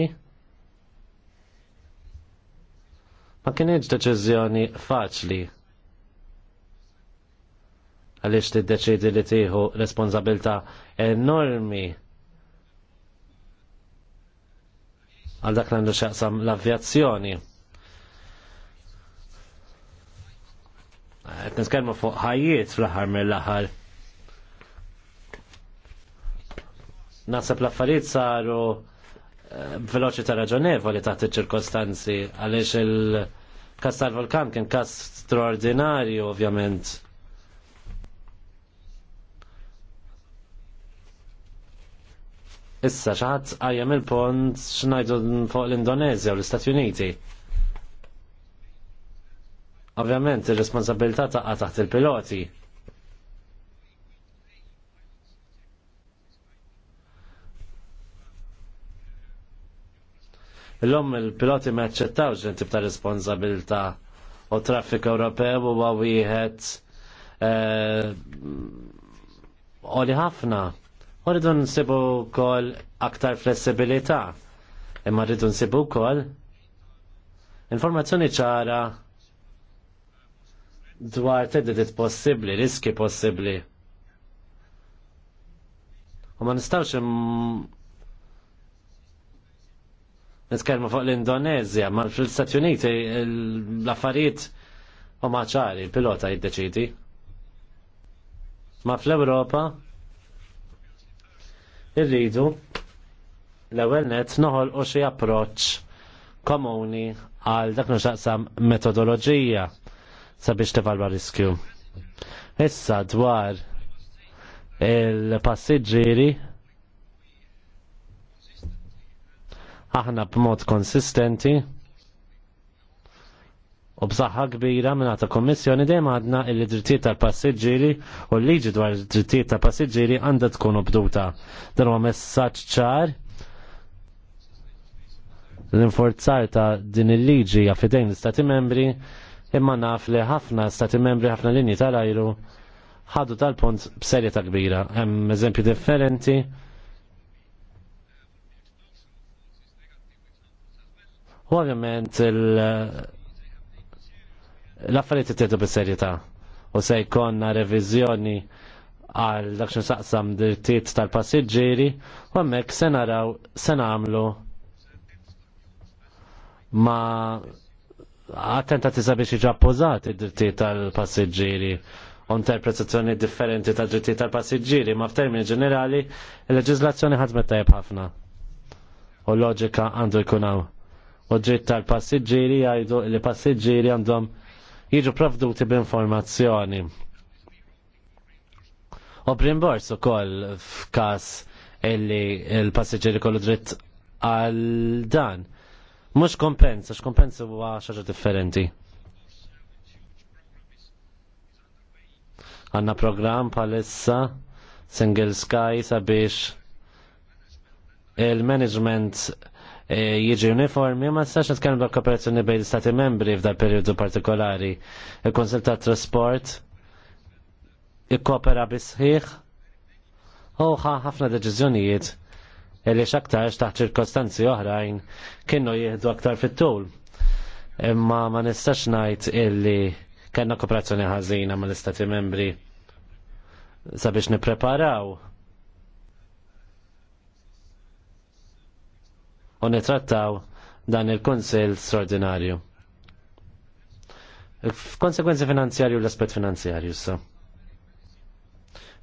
Ma kienieġ deċiżjoni faċli għaliex deċidi li tieħu responsabilta enormi għal dak l xaqsam l-avjazzjoni. Qed nitkellmu fuq ħajjiet fl-aħħar mill-aħħar. Naħseb l-affarijiet saru eh, veloċi ta' raġonevoli taħt iċ-ċirkostanzi għaliex il- Kas tal volkan kien kas straordinarju, ovvjament. Issa xaħat għajem il-pont xnajdu fuq l-Indonezja u l-Istati Uniti. Ovvjament, il-responsabilità taqqa taħt il-piloti. L-lum il-piloti ma ċettaw ġenti ta' responsabilta u traffik Ewropew u għawijħet u eh, li ħafna. U rridu nsibu kol aktar flessibilita. Imma rridu nsibu kol informazzjoni ċara dwar teddit possibli, riski possibli. U ma nistawx Nitkellmu fuq l-Indonezja, ma fl-Istati Uniti l-affarijiet u maċari, il-pilota jiddeċidi. Ma fl-Ewropa irridu l-ewwel net noħol u xi approċċ komuni għal dak nuxaqsam metodoloġija sabiex tevalwa riskju. Issa dwar il-passiġġieri aħna b'mod konsistenti u b'saħħa kbira minn ta' kommissjoni dejjem għadna il drittijiet tal-passiġġieri u l-liġi dwar id-drittijiet tal-passiġġieri għandha tkun obduta. Dan huwa messaġġ ċar l-inforzar ta' din il-liġi għafidejn l-Stati membri imma naf li ħafna Stati membri ħafna linji tal-ajru ħadu tal-pont b'serjetà kbira. Hemm eżempji differenti U ovvjament l-affarijiet tetu bis-serjetà u se jkollna reviżjoni għal dak xi saqsam dirtiet tal-passiġġieri u hemmhekk se naraw se nagħmlu ma attentati sabiex iġa appożat id-dirtiet tal-passiġġieri u interpretazzjoni differenti ta' drittijiet tal-passiġġieri, ma f'termini ġenerali il leġizlazzjoni ħadmet tajb ħafna. U loġika għandu jkun hawn u dritt tal-passiġġieri jgħidu li passiġġieri għandhom jiġu provduti b'informazzjoni. U brimborsu ukoll f'każ illi l passiġġieri kollu dritt għal dan. Mhux kompensa, x'kompensa huwa xi ħaġa differenti. Għanna programm bħalissa Single Sky sabiex il-management E, jiġi uniformi, ma tistax nitkellem dwar kooperazzjoni bejn l-Stati membri f'da perjodu partikolari. Il-Konsil ta' Trasport ikkopera bisħiħ u ħafna deċiżjonijiet li xaktarx taħt ċirkostanzi oħrajn kienu jieħdu aktar fit-tul. Imma ma nistax ngħid illi kellna kooperazzjoni ħażina mal-Istati membri sabiex nippreparaw u nitrattaw dan il-Kunsil straordinarju. Konsekwenzi finanzjarju l-aspet finanzjarju sa.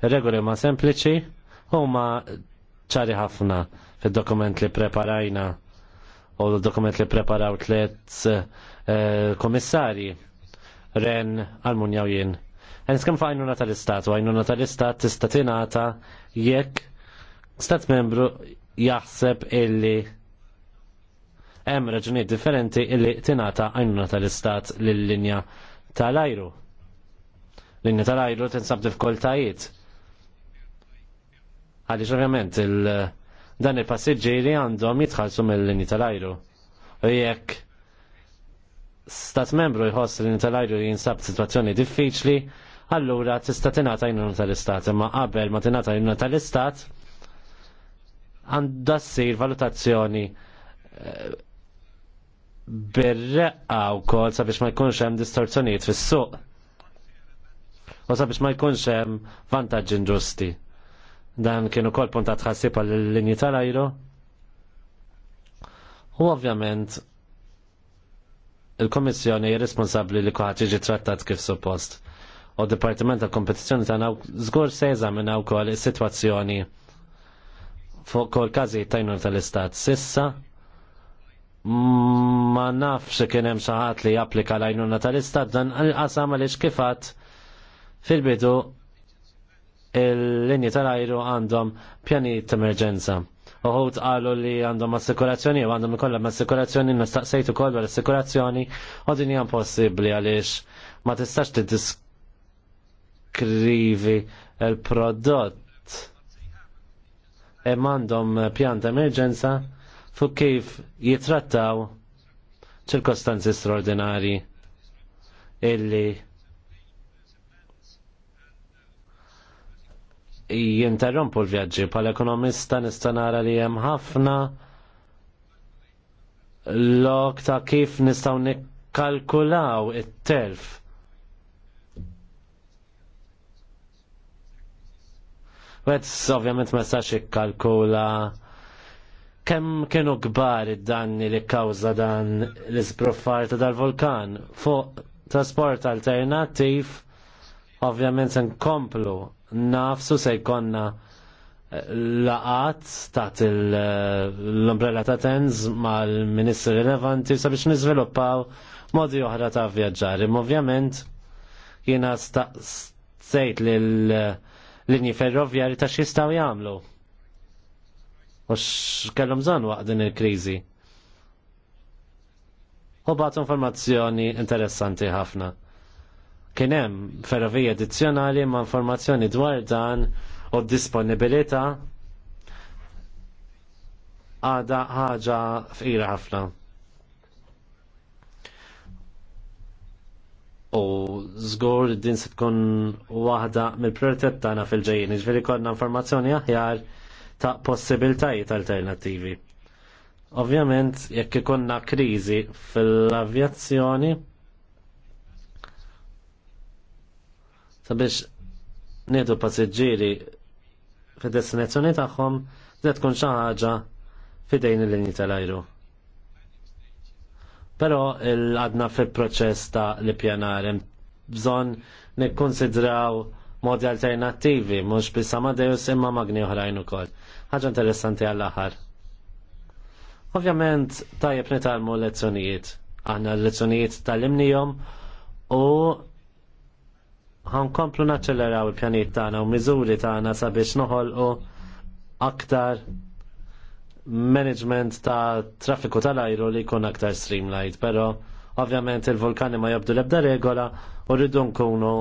Regoli ma sempliċi u ma ċari ħafna fil-dokument li preparajna u l-dokument li preparaw tliet eh, komissari Ren Almunjaw jien. Għen skam fa' għajnuna tal-istat, u għajnuna tal-istat tista' tingħata jekk stat membru jaħseb illi hemm raġunijiet differenti illi tingħata għajnuna tal-istat lill-linja tal-ajru. Linja tal-ajru tinsab diffikultajiet. Għaliex ovvjament il- dan il-passiġġieri għandhom jitħallsu mill-linji tal-ajru. U jekk stat membru jħoss l li tal-ajru jinsab situazzjoni diffiċli, allura tista' tingħata għajnuna tal-istat, imma qabel ma tingħata għajnuna tal-istat għandha ssir valutazzjoni eh, u wkoll sabiex ma jkunx hemm distorzjonijiet fis-suq. U sabiex ma jkunx hemm vantaġġi inġusti. Dan kien ukoll puntat tħassib għal linji tal-ajru. U ovvjament il-Komissjoni responsabbli li kulħadd jiġi trattat kif suppost. U Dipartiment tal kompetizzjoni tagħna żgur se jeżaminaw wkoll is-sitwazzjoni fuq kol każijiet tajnuna tal-Istat sissa ma nafx kien hemm xi ħadd li japplika l-għajnuna tal-istat dan qasam għaliex kifat fil-bidu il-linji tal-ajru għandhom pjanijiet ta' emerġenza. Uħut qalu li għandhom assikurazzjoni u għandhom ikollhom assikurazzjoni nistaqsejtu kollu l-assikurazzjoni u din hija possibbli għaliex ma tistax tiddiskrivi l-prodott. Hemm għandhom emerġenza fuq kif jitrattaw ċirkostanzi straordinari illi jinterrompu l-vjaġġi pal ekonomista nista' nara li hemm ħafna lok ta' kif nistgħu nikkalkulaw it-telf. Wet ovvjament ma stax ikkalkula Kemm kienu kbar id-danni li kkawża dan l-isbruffar ta' dal-vulkan fuq trasport alternattiv ovvjament se nkomplu nafsu se jkollna eh, laqat taħt eh, l-umbrella ta' tenz mal-ministri rilevanti sabiex niżviluppaw modi oħra ta' vjaġġar. Ovvjament jiena staqsejt lill eh, linji ferroviari ta' xistaw jagħmlu. U x'kellhom bżonn waqt din il-kriżi. U bat informazzjoni interessanti ħafna. Kien hemm ferrovija addizzjonali ma' informazzjoni dwar dan u disponibilità għada ħaġa fqira ħafna. U żgur din se tkun waħda mill-prioritet tagħna fil-ġejjin, ġifieri konna informazzjoni aħjar ta' possibiltajiet alternattivi. Ovvjament, jekk ikonna kriżi fil-avjazzjoni, sabiex niedu passiġġieri fid-destinazzjoni tagħhom, se tkun xi ħaġa fidejn il-linji tal-ajru. Però l-għadna fil-proċess ta' li pjanar bżon nikkonsidraw modi alternattivi, mhux ma Amadeus imma magni oħrajn ukoll. Ħaġa interessanti għall-aħħar. Ovvjament tajjeb nitalmu lezzjonijiet. Aħna l-lezzjonijiet tal-imnijom u ħankomplu naċċeleraw il-pjaniet tagħna u miżuri tagħna sabiex noħolqu aktar management ta' traffiku tal-ajru li jkun aktar streamlined, però ovvjament il-vulkani ma jobdu l-ebda regola u rridu nkunu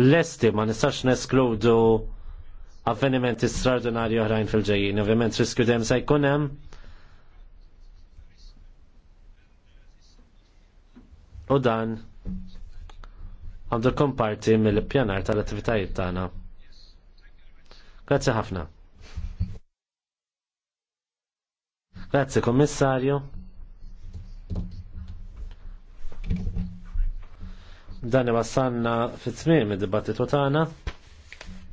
lesti ma nistax neskludu avvenimenti straordinarji oħrajn fil-ġejjin. Ovvjament riskju dem se jkun hemm. U dan għandu komparti mill-pjanar tal-attivitajiet tagħna. Grazzi ħafna. Grazzi Kommissarju. Dan wassanna fit-tmiem id-dibattitu tagħna.